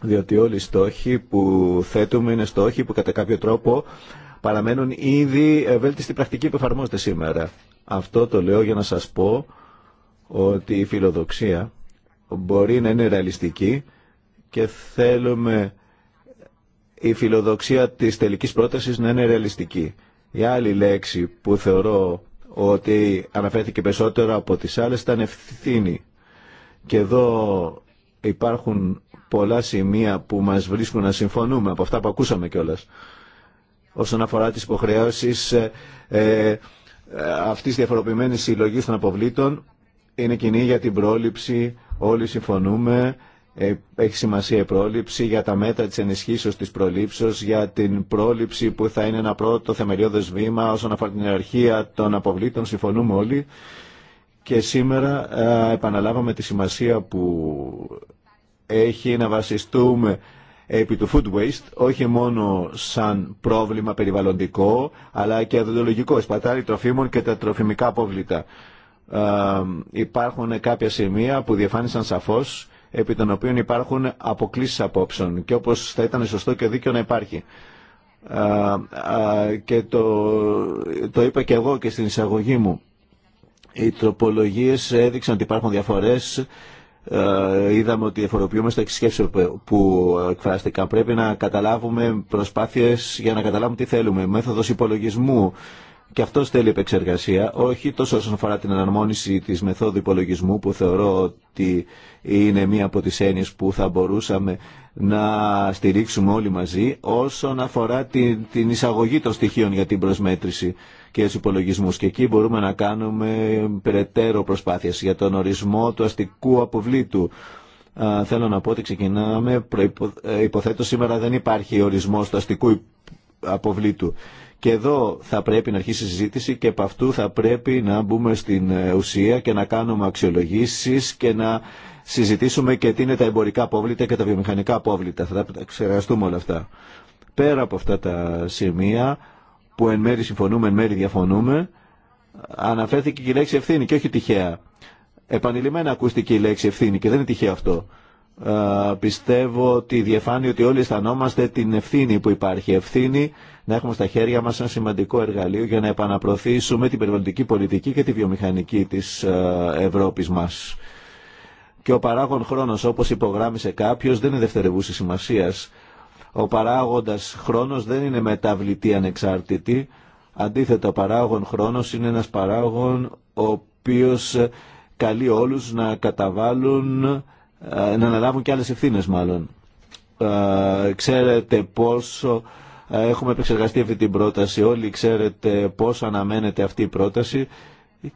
διότι όλοι οι στόχοι που θέτουμε είναι στόχοι που κατά κάποιο τρόπο παραμένουν ήδη ευέλτιστη πρακτική που εφαρμόζεται σήμερα. Αυτό το λέω για να σας πω ότι η φιλοδοξία μπορεί να είναι ρεαλιστική και θέλουμε η φιλοδοξία της τελικής πρότασης να είναι ρεαλιστική. Η άλλη λέξη που θεωρώ ότι αναφέρθηκε περισσότερο από τις άλλες ήταν ευθύνη. Και εδώ υπάρχουν πολλά σημεία που μας βρίσκουν να συμφωνούμε από αυτά που ακούσαμε κιόλας όσον αφορά τις υποχρεώσεις ε, ε αυτής διαφοροποιημένης συλλογή των αποβλήτων είναι κοινή για την πρόληψη, όλοι συμφωνούμε, ε, έχει σημασία η πρόληψη για τα μέτρα της ενισχύσεως της προλήψεως, για την πρόληψη που θα είναι ένα πρώτο θεμελιώδες βήμα όσον αφορά την ιεραρχία των αποβλήτων, συμφωνούμε όλοι. Και σήμερα ε, επαναλάβαμε τη σημασία που έχει να βασιστούμε επί του food waste όχι μόνο σαν πρόβλημα περιβαλλοντικό αλλά και αδοντολογικό, σπατάλη τροφίμων και τα τροφιμικά απόβλητα. Ε, υπάρχουν κάποια σημεία που διαφάνησαν σαφώς επί των οποίων υπάρχουν αποκλήσεις απόψεων και όπως θα ήταν σωστό και δίκαιο να υπάρχει. Ε, και το, το είπα και εγώ και στην εισαγωγή μου. Οι τροπολογίες έδειξαν ότι υπάρχουν διαφορές ε, είδαμε ότι διαφοροποιούμε στα εξισχέσεις που εκφράστηκαν. Πρέπει να καταλάβουμε προσπάθειες για να καταλάβουμε τι θέλουμε. Μέθοδος υπολογισμού. Και αυτό θέλει επεξεργασία, όχι τόσο όσον αφορά την αναρμόνιση της μεθόδου υπολογισμού που θεωρώ ότι είναι μία από τις έννοιες που θα μπορούσαμε να στηρίξουμε όλοι μαζί όσον αφορά την εισαγωγή των στοιχείων για την προσμέτρηση και του υπολογισμού. Και εκεί μπορούμε να κάνουμε περαιτέρω προσπάθειε για τον ορισμό του αστικού αποβλήτου. Θέλω να πω ότι ξεκινάμε, ε, υποθέτω σήμερα δεν υπάρχει ορισμό του αστικού αποβλήτου. Και εδώ θα πρέπει να αρχίσει η συζήτηση και από αυτού θα πρέπει να μπούμε στην ε, ουσία και να κάνουμε αξιολογήσει και να συζητήσουμε και τι είναι τα εμπορικά απόβλητα και τα βιομηχανικά απόβλητα. Θα τα ξεργαστούμε όλα αυτά. Πέρα από αυτά τα σημεία που εν μέρη συμφωνούμε, εν μέρη διαφωνούμε, αναφέρθηκε και η λέξη ευθύνη και όχι τυχαία. Επανειλημμένα ακούστηκε η λέξη ευθύνη και δεν είναι τυχαίο αυτό. πιστεύω ότι διεφάνει ότι όλοι αισθανόμαστε την ευθύνη που υπάρχει. Ευθύνη να έχουμε στα χέρια μας ένα σημαντικό εργαλείο για να επαναπροωθήσουμε την περιβαλλοντική πολιτική και τη βιομηχανική της Ευρώπης μας. Και ο παράγων χρόνος όπως υπογράμμισε κάποιος δεν είναι δευτερευούσης σημασίας ο παράγοντας χρόνος δεν είναι μεταβλητή ανεξάρτητη. Αντίθετα, ο παράγον χρόνος είναι ένας παράγον ο οποίος καλεί όλους να καταβάλουν, ε, να αναλάβουν και άλλες ευθύνες μάλλον. Ε, ξέρετε πόσο ε, έχουμε επεξεργαστεί αυτή την πρόταση, όλοι ξέρετε πόσο αναμένεται αυτή η πρόταση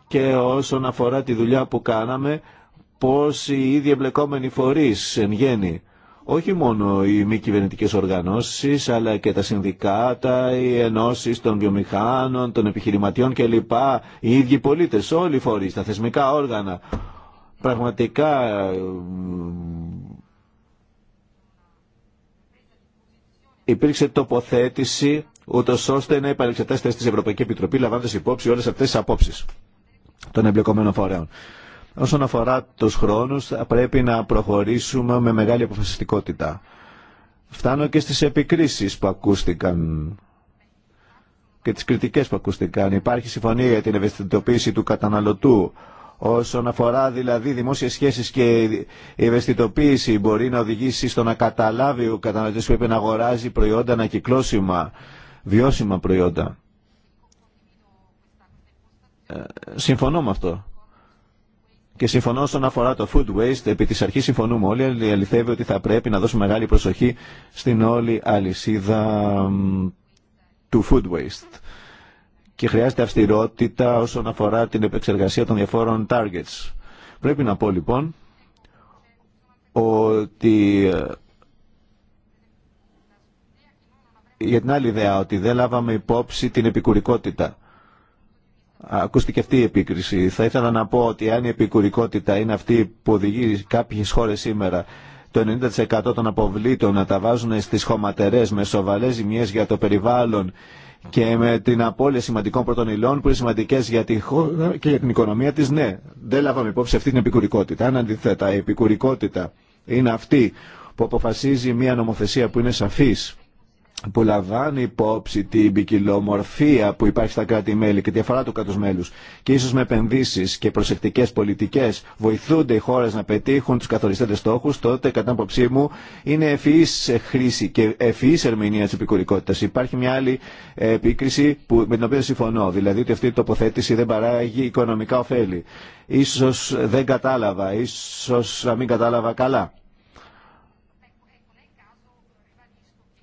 και όσον αφορά τη δουλειά που κάναμε, πώς οι ίδιοι εμπλεκόμενοι φορείς εν γέννη όχι μόνο οι μη κυβερνητικέ οργανώσεις αλλά και τα συνδικάτα, οι ενώσει των βιομηχάνων, των επιχειρηματιών κλπ. Οι ίδιοι πολίτε, όλοι οι φορείς, τα θεσμικά όργανα. Πραγματικά ε, υπήρξε τοποθέτηση ούτω ώστε να υπαρεξετάσει στην Ευρωπαϊκή Επιτροπή λαμβάνοντας υπόψη όλες αυτές τι απόψει των εμπλεκομένων φορέων. Όσον αφορά τους χρόνους, θα πρέπει να προχωρήσουμε με μεγάλη αποφασιστικότητα. Φτάνω και στις επικρίσεις που ακούστηκαν και τις κριτικές που ακούστηκαν. Υπάρχει συμφωνία για την ευαισθητοποίηση του καταναλωτού. Όσον αφορά δηλαδή δημόσιες σχέσεις και η ευαισθητοποίηση μπορεί να οδηγήσει στο να καταλάβει ο καταναλωτής που πρέπει να αγοράζει προϊόντα ανακυκλώσιμα, βιώσιμα προϊόντα. Ε, συμφωνώ με αυτό. Και συμφωνώ όσον αφορά το food waste, επί της αρχής συμφωνούμε όλοι, αλλά αληθεύει ότι θα πρέπει να δώσουμε μεγάλη προσοχή στην όλη αλυσίδα του food waste. Και χρειάζεται αυστηρότητα όσον αφορά την επεξεργασία των διαφόρων targets. Πρέπει να πω λοιπόν ότι ε, για την άλλη ιδέα ότι δεν λάβαμε υπόψη την επικουρικότητα ακούστηκε αυτή η επίκριση. Θα ήθελα να πω ότι αν η επικουρικότητα είναι αυτή που οδηγεί κάποιε χώρε σήμερα το 90% των αποβλήτων να τα βάζουν στις χωματερέ με σοβαρέ ζημίε για το περιβάλλον και με την απώλεια σημαντικών πρώτων υλών που είναι σημαντικέ για τη χώρα και για την οικονομία τη, ναι, δεν λάβαμε υπόψη αυτή την επικουρικότητα. Αν αντίθετα η επικουρικότητα είναι αυτή που αποφασίζει μια νομοθεσία που είναι σαφής που λαμβάνει υπόψη την ποικιλομορφία που υπάρχει στα κράτη-μέλη και τη διαφορά του κράτου μέλου. Και ίσω με επενδύσει και προσεκτικέ πολιτικέ βοηθούνται οι χώρε να πετύχουν του καθοριστέ στόχου, τότε κατά άποψή μου είναι ευφυή χρήση και ευφυή ερμηνεία τη επικουρικότητα. Υπάρχει μια άλλη επίκριση που, με την οποία συμφωνώ, δηλαδή ότι αυτή η τοποθέτηση δεν παράγει οικονομικά ωφέλη. Ίσως δεν κατάλαβα, ίσως να μην κατάλαβα καλά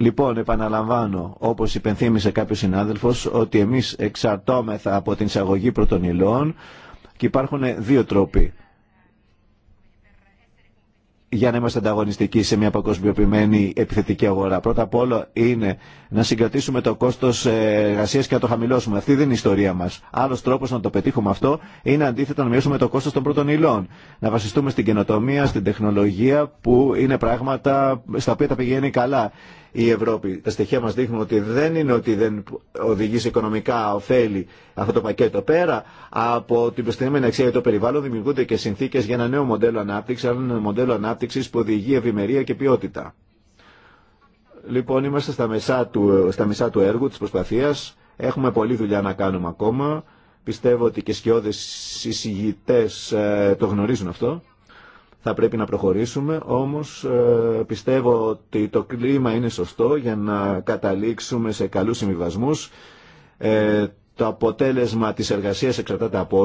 Λοιπόν, επαναλαμβάνω, όπως υπενθύμησε κάποιος συνάδελφος, ότι εμείς εξαρτώμεθα από την εισαγωγή πρώτων υλών και υπάρχουν δύο τρόποι για να είμαστε ανταγωνιστικοί σε μια παγκοσμιοποιημένη επιθετική αγορά. Πρώτα απ' όλο είναι να συγκρατήσουμε το κόστο ε, εργασία και να το χαμηλώσουμε. Αυτή δεν είναι η ιστορία μα. Άλλο τρόπο να το πετύχουμε αυτό είναι αντίθετα να μειώσουμε το κόστο των πρώτων υλών. Να βασιστούμε στην καινοτομία, στην τεχνολογία που είναι πράγματα στα οποία τα πηγαίνει καλά η Ευρώπη. Τα στοιχεία μας δείχνουν ότι δεν είναι ότι δεν οδηγεί σε οικονομικά ωφέλη αυτό το πακέτο πέρα από την προστινέμενη αξία για το περιβάλλον δημιουργούνται και συνθήκες για ένα νέο μοντέλο ανάπτυξης, ένα μοντέλο ανάπτυξης που οδηγεί ευημερία και ποιότητα. Λοιπόν, είμαστε στα μισά του, στα μισά του έργου, της προσπαθίας. Έχουμε πολλή δουλειά να κάνουμε ακόμα. Πιστεύω ότι και σκιώδες συζητητές ε, το γνωρίζουν αυτό. Θα πρέπει να προχωρήσουμε, όμως ε, πιστεύω ότι το κλίμα είναι σωστό για να καταλήξουμε σε καλούς συμβιβασμούς. Ε, το αποτέλεσμα της εργασίας εξαρτάται από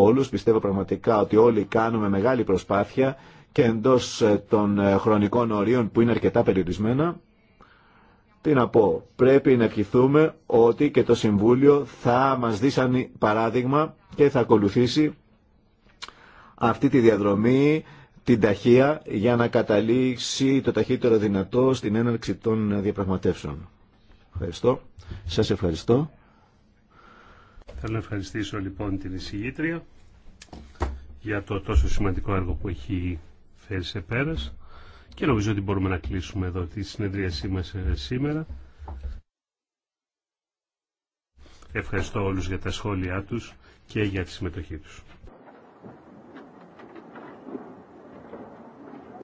όλους, Πιστεύω πραγματικά ότι όλοι κάνουμε μεγάλη προσπάθεια και εντός ε, των χρονικών ορίων που είναι αρκετά περιορισμένα. Τι να πω, πρέπει να ευχηθούμε ότι και το Συμβούλιο θα μας δει σαν παράδειγμα και θα ακολουθήσει αυτή τη διαδρομή την ταχεία για να καταλήξει το ταχύτερο δυνατό στην έναρξη των διαπραγματεύσεων. Ευχαριστώ. Σας ευχαριστώ. Θέλω να ευχαριστήσω λοιπόν την εισηγήτρια για το τόσο σημαντικό έργο που έχει φέρει σε πέρας και νομίζω ότι μπορούμε να κλείσουμε εδώ τη συνεδρίασή μας ε, σήμερα. Ευχαριστώ όλους για τα σχόλιά τους και για τη συμμετοχή τους.